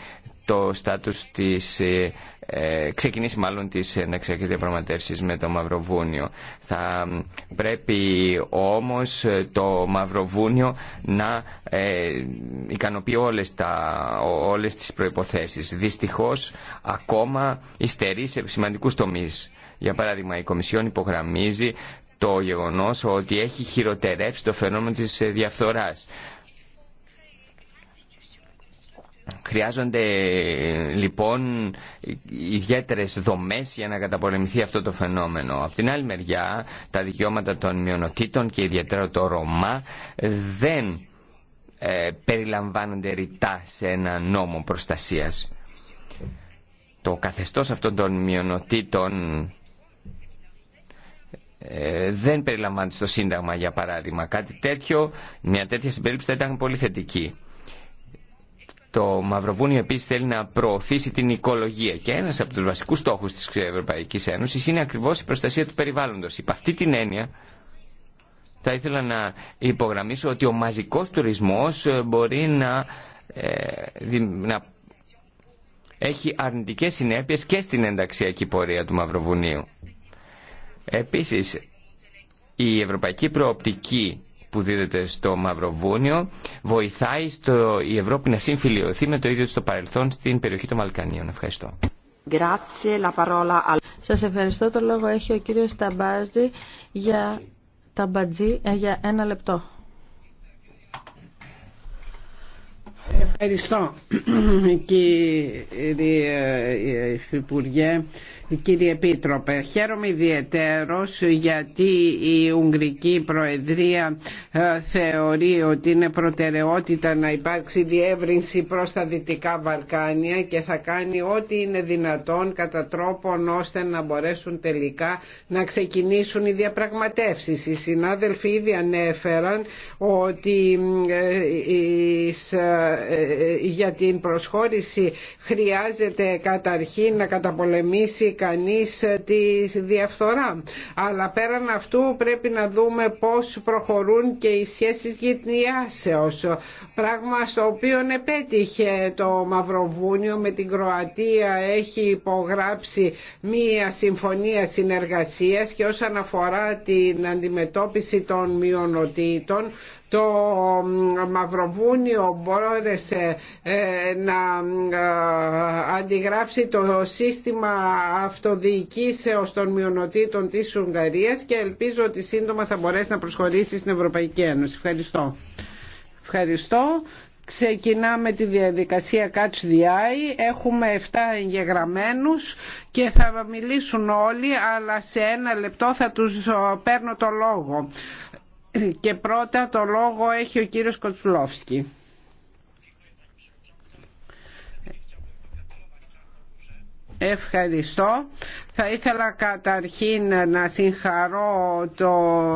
B: το στάτους της ε, ε, ξεκινήσει μάλλον τις ενεξιακές διαπραγματεύσεις με το Μαυροβούνιο. Θα πρέπει όμως ε, το Μαυροβούνιο να ε, ικανοποιεί όλες, τα, όλες τις προϋποθέσεις. Δυστυχώς ακόμα υστερεί σε σημαντικούς τομείς. Για παράδειγμα η Κομισιόν υπογραμμίζει το γεγονός ότι έχει χειροτερεύσει το φαινόμενο της ε, διαφθοράς. Χρειάζονται λοιπόν ιδιαίτερες δομές για να καταπολεμηθεί αυτό το φαινόμενο. Από την άλλη μεριά τα δικαιώματα των μειονοτήτων και ιδιαίτερα το Ρωμά δεν ε, περιλαμβάνονται ρητά σε ένα νόμο προστασίας. Το καθεστώς αυτών των μειονοτήτων ε, δεν περιλαμβάνεται στο Σύνταγμα για παράδειγμα. Κάτι τέτοιο, μια τέτοια συμπερίληψη θα ήταν πολύ θετική. Το Μαυροβούνιο επίσης θέλει να προωθήσει την οικολογία και ένας από τους βασικούς στόχου της Ευρωπαϊκή Ένωσης είναι ακριβώς η προστασία του περιβάλλοντος. Υπ' αυτή την έννοια θα ήθελα να υπογραμμίσω ότι ο μαζικός τουρισμός ε, μπορεί ε, να, έχει αρνητικές συνέπειες και στην ενταξιακή πορεία του Μαυροβουνίου. Επίσης, η ευρωπαϊκή προοπτική που δίδεται στο Μαυροβούνιο βοηθάει στο, η Ευρώπη να συμφιλειωθεί με το ίδιο στο παρελθόν στην περιοχή των Βαλκανίων. Ευχαριστώ.
A: Σας ευχαριστώ. Το λόγο έχει ο κύριος Ταμπάζη για, Ταμπατζή, ε, για ένα λεπτό.
C: Ευχαριστώ κύριε Υφυπουργέ κύριε Επίτροπε. Χαίρομαι ιδιαίτερο γιατί η Ουγγρική Προεδρία ε, θεωρεί ότι είναι προτεραιότητα να υπάρξει διεύρυνση προς τα Δυτικά Βαλκάνια και θα κάνει ό,τι είναι δυνατόν κατά τρόπον ώστε να μπορέσουν τελικά να ξεκινήσουν οι διαπραγματεύσεις. Οι συνάδελφοι ήδη ανέφεραν ότι ε, ε, για την προσχώρηση χρειάζεται καταρχήν να καταπολεμήσει κανείς ε, τη διαφθορά. Αλλά πέραν αυτού πρέπει να δούμε πώς προχωρούν και οι σχέσεις γυτνιάσεως. Πράγμα στο οποίο επέτυχε το Μαυροβούνιο με την Κροατία έχει υπογράψει μία συμφωνία συνεργασίας και όσον αφορά την αντιμετώπιση των μειονοτήτων το Μαυροβούνιο μπόρεσε ε, να ε, αντιγράψει το σύστημα αυτοδιοικήσεως των μειονοτήτων της Ουγγαρίας και ελπίζω ότι σύντομα θα μπορέσει να προσχωρήσει στην Ευρωπαϊκή Ένωση. Ευχαριστώ. Ευχαριστώ. Ξεκινάμε τη διαδικασία Catch the Eye. Έχουμε 7 εγγεγραμμένους και θα μιλήσουν όλοι, αλλά σε ένα λεπτό θα τους ε, παίρνω το λόγο. Και πρώτα το λόγο έχει ο κύριος Κοτσουλόφσκι. Ευχαριστώ. Θα ήθελα καταρχήν να συγχαρώ το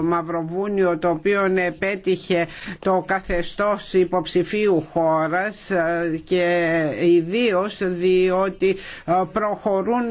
C: Μαυροβούνιο το οποίο επέτυχε το καθεστώς υποψηφίου χώρας και ιδίως διότι ε, προχωρούν,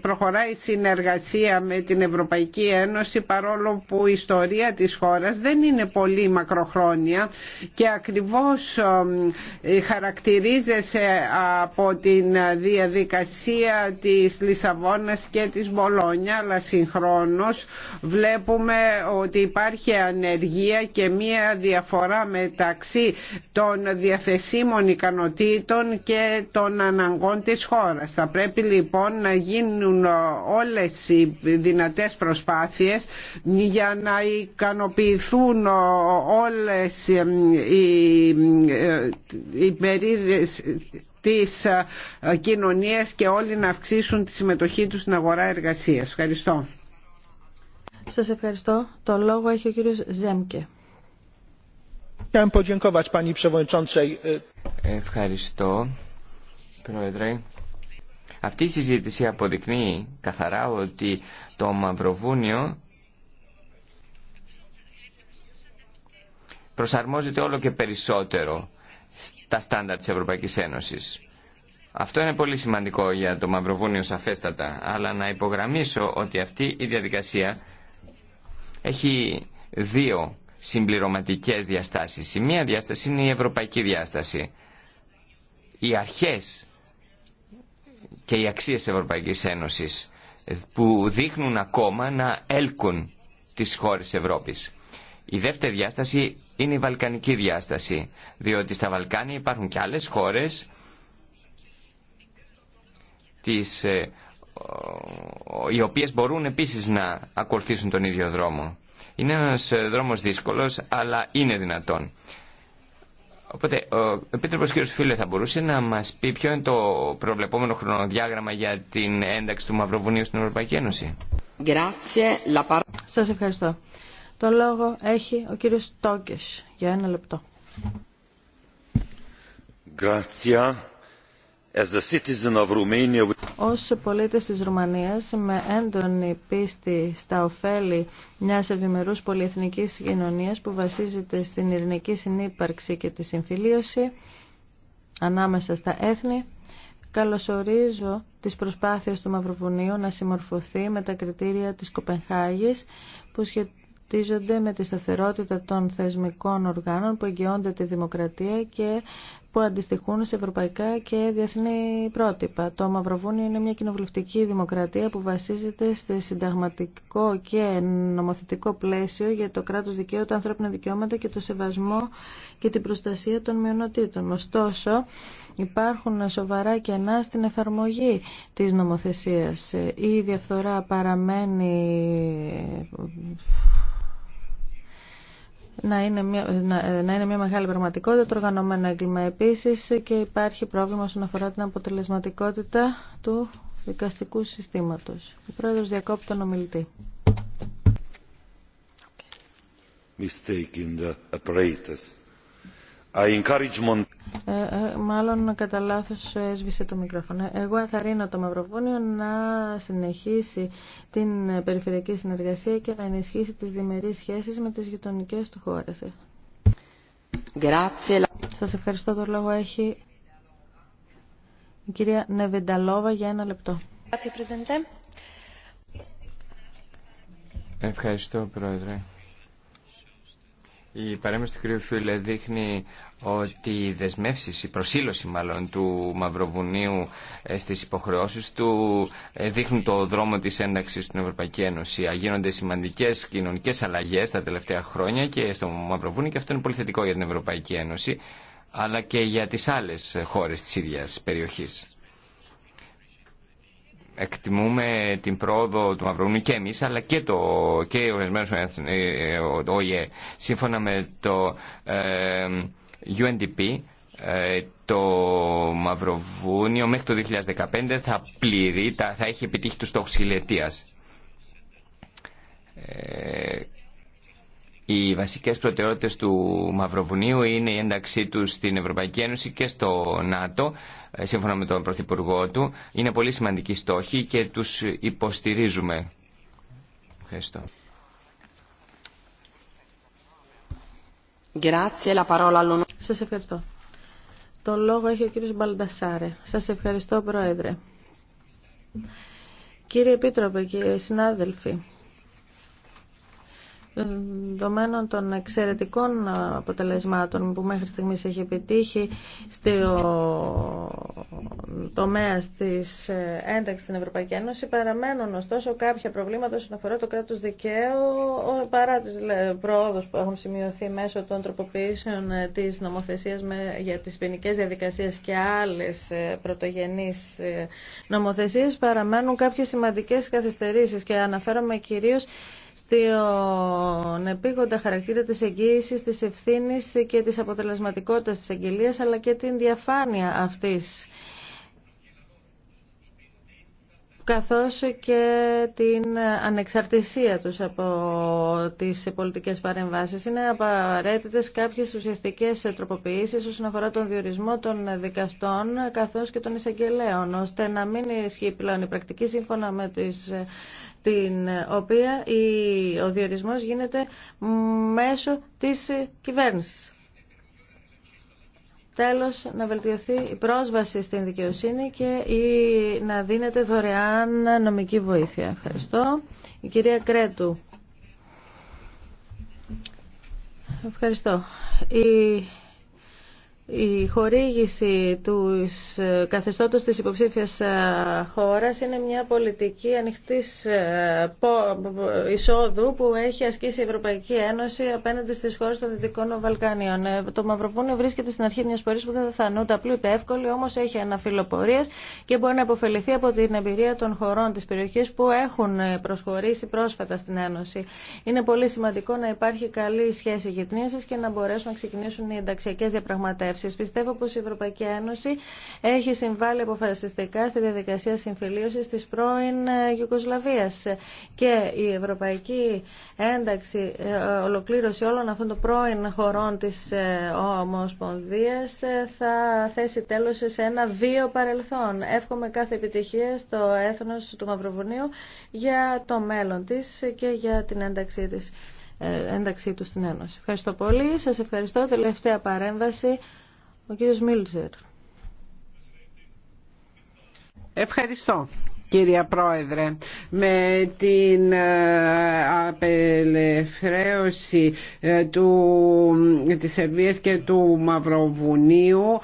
C: προχωράει η συνεργασία με την Ευρωπαϊκή Ένωση παρόλο που η ιστορία της χώρας δεν είναι πολύ μακροχρόνια και ακριβώς ε, ε, χαρακτηρίζεσαι από την διαδικασία της Λισαβόνας και της Μπολόνια αλλά συγχρόνως βλέπουμε ότι υπάρχει ανεργία και μία διαφορά μεταξύ των διαθεσίμων ικανοτήτων και των αναγκών της χώρας. Θα πρέπει λοιπόν να γίνουν όλες οι δυνατές προσπάθειες για να ικανοποιηθούν όλες οι, οι, της ε, ε, κοινωνίας και όλοι να αυξήσουν τη συμμετοχή τους στην αγορά εργασίας. Ευχαριστώ.
A: Σας ευχαριστώ. Το λόγο έχει ο κύριος Ζέμκε.
B: Ευχαριστώ, Πρόεδρε. Αυτή η συζήτηση αποδεικνύει καθαρά ότι το Μαυροβούνιο προσαρμόζεται όλο και περισσότερο τα στάνταρ της Ευρωπαϊκής Ένωσης. Αυτό είναι πολύ σημαντικό για το Μαυροβούνιο σαφέστατα, αλλά να υπογραμμίσω ότι αυτή η διαδικασία έχει δύο συμπληρωματικές διαστάσεις. Η μία διάσταση είναι η ευρωπαϊκή διάσταση. Οι αρχές και οι αξίες Ευρωπαϊκής Ένωσης που δείχνουν ακόμα να έλκουν τις χώρες Ευρώπης. Η δεύτερη διάσταση είναι η βαλκανική διάσταση, διότι στα Βαλκάνια υπάρχουν και άλλες χώρες τις, ε, οι οποίες μπορούν επίσης να ακολουθήσουν τον ίδιο δρόμο. Είναι ένας ε, δρόμος δύσκολος, αλλά είναι δυνατόν. Οπότε, ο Επίτροπος κ. Φίλε θα μπορούσε να μας πει ποιο είναι το προβλεπόμενο χρονοδιάγραμμα για την ένταξη του Μαυροβουνίου στην Ευρωπαϊκή Ένωση.
A: ευχαριστώ. Το λόγο έχει ο κύριος Τόγκες για ένα λεπτό.
C: Grazie. As a citizen of
A: Ως πολίτες της Ρουμανίας με έντονη πίστη στα ωφέλη μιας ευημερούς πολυεθνικής κοινωνίας που βασίζεται στην ειρηνική συνύπαρξη και τη συμφιλίωση ανάμεσα στα έθνη, καλωσορίζω τις προσπάθειες του Μαυροβουνίου να συμμορφωθεί με τα κριτήρια της Κοπενχάγης που ταυτίζονται με τη σταθερότητα των θεσμικών οργάνων που εγγυώνται τη δημοκρατία και που αντιστοιχούν σε ευρωπαϊκά και διεθνή πρότυπα. Το Μαυροβούνιο είναι μια κοινοβουλευτική δημοκρατία που βασίζεται σε συνταγματικό και νομοθετικό πλαίσιο για το κράτος δικαίου, τα ανθρώπινα δικαιώματα και το σεβασμό και την προστασία των μειονοτήτων. Ωστόσο, υπάρχουν σοβαρά κενά στην εφαρμογή της νομοθεσίας. Η διαφθορά παραμένει να είναι, μια, ε, να, είναι μια μεγάλη πραγματικότητα το οργανωμένο έγκλημα επίσης και υπάρχει πρόβλημα όσον αφορά την αποτελεσματικότητα του δικαστικού συστήματος. Ο πρόεδρος διακόπτει τον ομιλητή. Ε, ε, μάλλον κατά λάθο έσβησε το μικρόφωνο. Εγώ θα ρίνω το Μαυροβούνιο να συνεχίσει την περιφερειακή συνεργασία και να ενισχύσει τι διμερεί σχέσει με τι γειτονικέ του χώρες. Σα ευχαριστώ. Το λόγο έχει η κυρία Νεβενταλόβα για ένα λεπτό.
B: Ευχαριστώ, Πρόεδρε. Η παρέμβαση του κ. Φίλε δείχνει ότι οι δεσμεύσει, η προσήλωση μάλλον του Μαυροβουνίου ε, στι υποχρεώσει του ε, δείχνουν το δρόμο τη ένταξη στην Ευρωπαϊκή Ένωση. Γίνονται σημαντικέ κοινωνικέ αλλαγέ τα τελευταία χρόνια και στο Μαυροβούνιο και αυτό είναι πολύ θετικό για την Ευρωπαϊκή Ένωση αλλά και για τις άλλες χώρες της ίδιας περιοχής εκτιμούμε την πρόοδο του Μαυροβούνιου και εμείς αλλά και, το, και ε, ε, ο ΟΗΕ. Σύμφωνα με το UNDP, ε, το Μαυροβούνιο μέχρι το 2015 θα πληρεί, θα έχει επιτύχει τους στόχους ηλετίας. Οι βασικές προτεραιότητες του Μαυροβουνίου είναι η ένταξή του στην Ευρωπαϊκή Ένωση και στο ΝΑΤΟ, ε, σύμφωνα με τον Πρωθυπουργό του. Είναι πολύ σημαντικοί στόχη και τους υποστηρίζουμε. Ευχαριστώ.
A: Σας ευχαριστώ. Το λόγο έχει ο κύριος Μπαλντασάρε. Σας ευχαριστώ, Πρόεδρε. Κύριε Επίτροπε και συνάδελφοι, δεδομένων των εξαιρετικών αποτελεσμάτων που μέχρι στιγμής έχει επιτύχει στο Τομέα της ε, ένταξη στην Ευρωπαϊκή Ένωση παραμένουν ωστόσο κάποια προβλήματα όσον αφορά το κράτο δικαίου παρά τι προόδου που έχουν σημειωθεί μέσω των τροποποιήσεων ε, τη νομοθεσία για τι ποινικέ διαδικασίε και άλλε πρωτογενεί ε, νομοθεσίε, παραμένουν κάποιε σημαντικέ καθυστερήσει και αναφέρομαι κυρίως στον επίγοντα χαρακτήρα της εγγύησης, της ευθύνης και της αποτελεσματικότητας της εγγυλίας αλλά και την διαφάνεια αυτής καθώς και την ανεξαρτησία τους από τις πολιτικές παρεμβάσεις. Είναι απαραίτητες κάποιες ουσιαστικές τροποποιήσεις όσον αφορά τον διορισμό των δικαστών καθώς και των εισαγγελέων, ώστε να μην ισχύει πλέον η πρακτική σύμφωνα με την οποία ο διορισμός γίνεται μέσω της κυβέρνησης τέλος να βελτιωθεί η πρόσβαση στην δικαιοσύνη και η, να δίνεται δωρεάν νομική βοήθεια. Ευχαριστώ. Η κυρία Κρέτου. Ευχαριστώ. Η η χορήγηση του καθεστώτος της υποψήφιας ε, χώρας είναι μια πολιτική ανοιχτής ε, ε, εισόδου που έχει ασκήσει η Ευρωπαϊκή Ένωση απέναντι στις χώρες των Δυτικών Βαλκανίων. Το Μαυροβούνιο βρίσκεται στην αρχή μιας πορείας που δεν θα θανούν τα ούτε εύκολη, όμως έχει αναφιλοπορίες και μπορεί να υποφεληθεί από την εμπειρία των χωρών της περιοχής που έχουν προσχωρήσει πρόσφατα στην Ένωση. Είναι πολύ σημαντικό να υπάρχει καλή σχέση γυτνίασης και να μπορέσουν να ξεκινήσουν οι ενταξιακές διαπραγματεύσεις. Πιστεύω πως η Ευρωπαϊκή Ένωση έχει συμβάλει αποφασιστικά στη διαδικασία συμφιλίωσης της πρώην Γιουγκοσλαβίας ε, και η ευρωπαϊκή ένταξη, ε, ολοκλήρωση όλων αυτών των πρώην χωρών της ε, Ομοσπονδίας θα θέσει τέλος σε ένα βίο παρελθόν. Εύχομαι κάθε επιτυχία στο έθνος του Μαυροβουνίου για το μέλλον της και για την ένταξή της ένταξή του στην Ένωση. Ευχαριστώ πολύ. Σας ευχαριστώ. Τελευταία παρέμβαση. Ο κύριος Μίλτζερ.
C: Ευχαριστώ κύριε Πρόεδρε. Με την ε, απελευθέρωση ε, του, της Σερβίας και του Μαυροβουνίου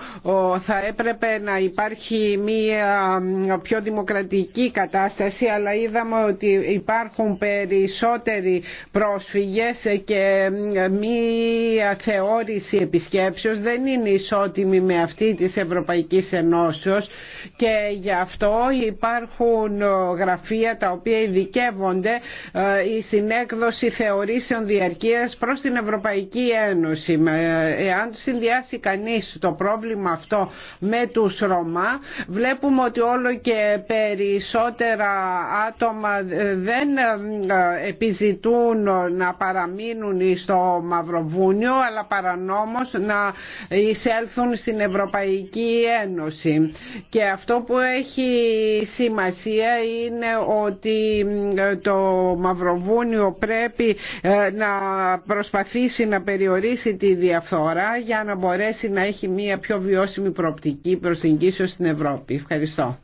C: θα έπρεπε να υπάρχει μια ε, πιο δημοκρατική κατάσταση αλλά είδαμε ότι υπάρχουν περισσότεροι πρόσφυγες και μια θεώρηση επισκέψεως δεν είναι ισότιμη με αυτή της Ευρωπαϊκής Ενώσεως και γι' αυτό υπάρχουν υπάρχουν γραφεία τα οποία ειδικεύονται ε, στην έκδοση θεωρήσεων διαρκείας προς την Ευρωπαϊκή Ένωση. Ε, εάν συνδυάσει κανείς το πρόβλημα αυτό με τους Ρωμά βλέπουμε ότι όλο και περισσότερα άτομα ε, δεν επιζητούν να παραμείνουν στο Μαυροβούνιο αλλά παρανόμως να εισέλθουν στην Ευρωπαϊκή Ένωση. Και αυτό που έχει σημασία είναι ότι το Μαυροβούνιο πρέπει ε, να προσπαθήσει να περιορίσει τη διαφθορά για να μπορέσει να έχει μια πιο βιώσιμη προοπτική προς την στην Ευρώπη. Ευχαριστώ.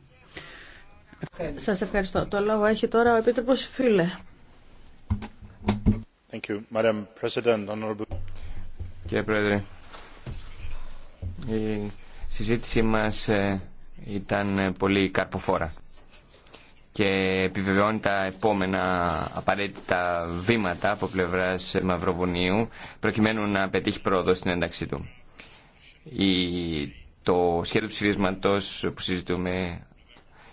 A: Σας ευχαριστώ. Το λόγο έχει τώρα ο Επίτροπος Φίλε.
B: Κύριε Πρόεδρε, η συζήτησή μας ε, ήταν πολύ καρποφόρα και επιβεβαιώνει τα επόμενα απαραίτητα βήματα από πλευρά Μαυροβουνίου προκειμένου να πετύχει πρόοδο στην ένταξή του. Το σχέδιο ψηφίσματο που συζητούμε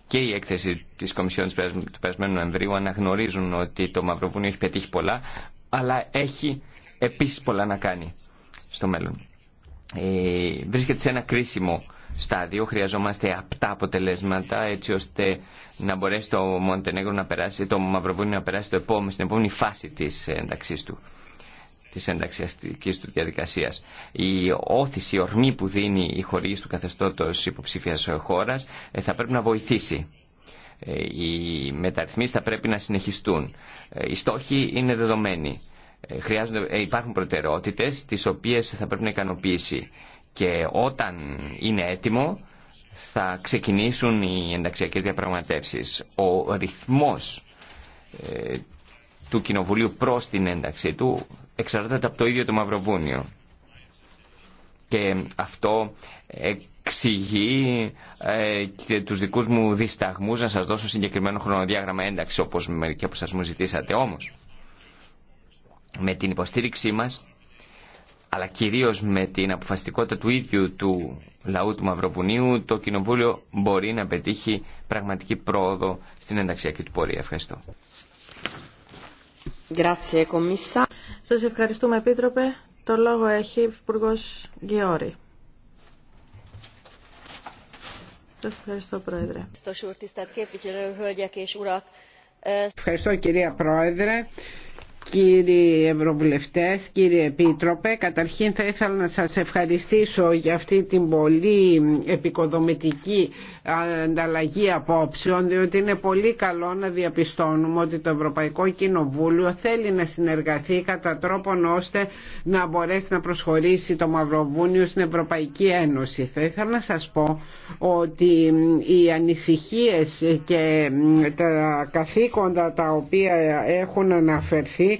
B: και η έκθεση τη Κομισιόν του περασμένου Νοεμβρίου αναγνωρίζουν ότι το Μαυροβούνιο έχει πετύχει πολλά, αλλά έχει επίση πολλά να κάνει στο μέλλον. Ε, βρίσκεται σε ένα κρίσιμο στάδιο. Χρειαζόμαστε απτά αποτελέσματα έτσι ώστε να μπορέσει το Μοντενέγρο να περάσει, το Μαυροβούνιο να περάσει το επόμενο, στην επόμενη φάση της ένταξής του της ενταξιαστικής του διαδικασίας. Η όθηση, η ορμή που δίνει η χορήγηση του καθεστώτος υποψήφιας χώρας ε, θα πρέπει να βοηθήσει. Ε, οι μεταρρυθμίσεις θα πρέπει να συνεχιστούν. Ε, οι στόχοι είναι δεδομένοι. υπάρχουν προτεραιότητες τις οποίες θα πρέπει να ικανοποιήσει και όταν είναι έτοιμο θα ξεκινήσουν οι ενταξιακές διαπραγματεύσεις. Ο ρυθμός ε, του Κοινοβουλίου προς την ένταξή του εξαρτάται από το ίδιο το Μαυροβούνιο. Και αυτό εξηγεί ε, και τους δικούς μου δισταγμούς να σας δώσω συγκεκριμένο χρονοδιάγραμμα ένταξη όπως μερικοί από σας μου ζητήσατε. Όμως, με την υποστήριξή μας αλλά κυρίως με την αποφασιστικότητα του ίδιου του λαού του Μαυροβουνίου, το Κοινοβούλιο μπορεί να πετύχει πραγματική πρόοδο στην ενταξιακή του πορεία. Ευχαριστώ.
A: Σας ευχαριστούμε, Επίτροπε. Το λόγο έχει ο Υπουργό Γεώρη.
C: Σας ευχαριστώ, Πρόεδρε. Ευχαριστώ, κυρία Πρόεδρε. Κύριοι Ευρωβουλευτές, κύριε Επίτροπε, καταρχήν θα ήθελα να σας ευχαριστήσω για αυτή την πολύ επικοδομητική ανταλλαγή απόψεων διότι είναι πολύ καλό να διαπιστώνουμε ότι το Ευρωπαϊκό Κοινοβούλιο θέλει να συνεργαθεί κατά τρόπον ώστε να μπορέσει να προσχωρήσει το Μαυροβούνιο στην Ευρωπαϊκή Ένωση. Θα ήθελα να σας πω ότι οι ανησυχίες και τα καθήκοντα τα οποία έχουν αναφερθεί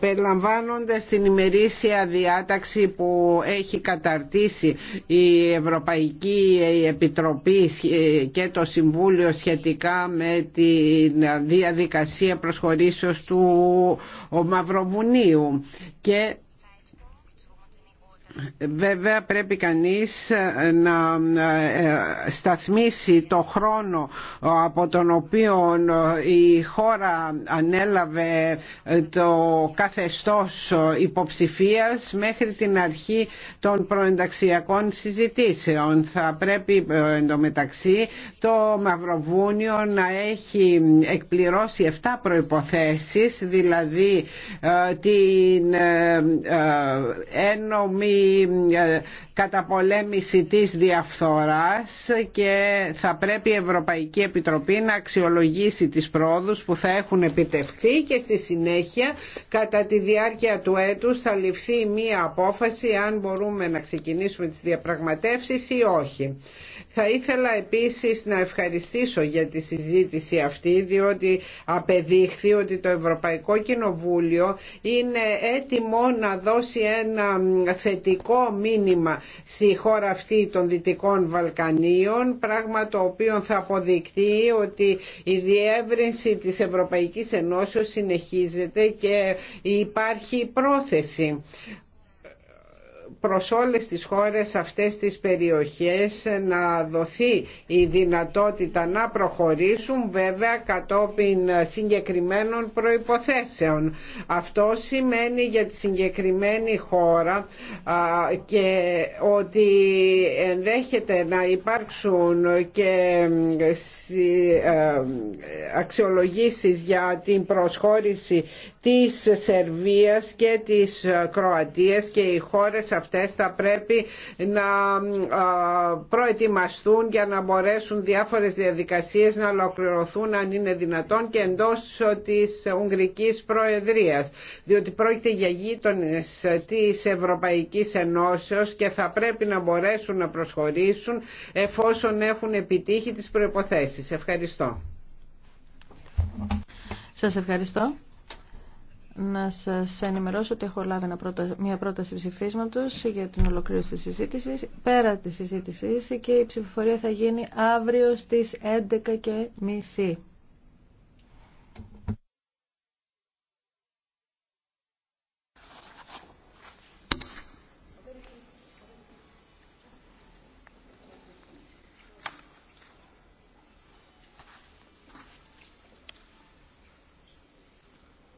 C: περιλαμβάνονται στην ημερήσια διάταξη που έχει καταρτήσει η Ευρωπαϊκή Επιτροπή και το Συμβούλιο σχετικά με τη διαδικασία προσχωρήσεως του Μαυροβουνίου και Βέβαια πρέπει κανείς ε, να ε, ε, σταθμίσει το χρόνο από τον οποίο η χώρα ανέλαβε το καθεστώς υποψηφίας μέχρι την αρχή των προενταξιακών συζητήσεων. Θα πρέπει εντωμεταξύ το Μαυροβούνιο να έχει εκπληρώσει 7 προϋποθέσεις, δηλαδή την ένομη η ε, καταπολέμηση της διαφθοράς και θα πρέπει η Ευρωπαϊκή Επιτροπή να αξιολογήσει τις πρόοδους που θα έχουν επιτευχθεί και στη συνέχεια κατά τη διάρκεια του έτους θα ληφθεί μία απόφαση αν μπορούμε να ξεκινήσουμε τις διαπραγματεύσεις ή όχι. Θα ήθελα επίσης να ευχαριστήσω για τη συζήτηση αυτή διότι απεδείχθη ότι το Ευρωπαϊκό Κοινοβούλιο είναι έτοιμο να δώσει ένα θετικό μήνυμα στη χώρα αυτή των Δυτικών Βαλκανίων πράγμα το οποίο θα αποδεικτεί ότι η διεύρυνση της Ευρωπαϊκής Ενώσεως συνεχίζεται και υπάρχει πρόθεση προς όλες τις χώρες αυτές τις περιοχές να δοθεί η δυνατότητα να προχωρήσουν βέβαια κατόπιν συγκεκριμένων προϋποθέσεων. Αυτό σημαίνει για τη συγκεκριμένη χώρα και ότι ενδέχεται να υπάρξουν και ε, αξιολογήσεις για την προσχώρηση της Σερβίας και της Κροατίας και οι χώρες αυτές αυτές θα πρέπει να προετοιμαστούν για να μπορέσουν διάφορες διαδικασίες να ολοκληρωθούν αν είναι δυνατόν και εντός της Ουγγρικής Προεδρίας διότι πρόκειται για γείτονες της Ευρωπαϊκής Ενώσεως και θα πρέπει να μπορέσουν να προσχωρήσουν εφόσον έχουν επιτύχει τις προϋποθέσεις. Ευχαριστώ.
A: Σας ευχαριστώ να σας ενημερώσω ότι έχω λάβει μια πρόταση ψηφίσματος για την ολοκλήρωση της συζήτησης, πέρα της συζήτησης και η ψηφοφορία θα γίνει αύριο στις 11.30.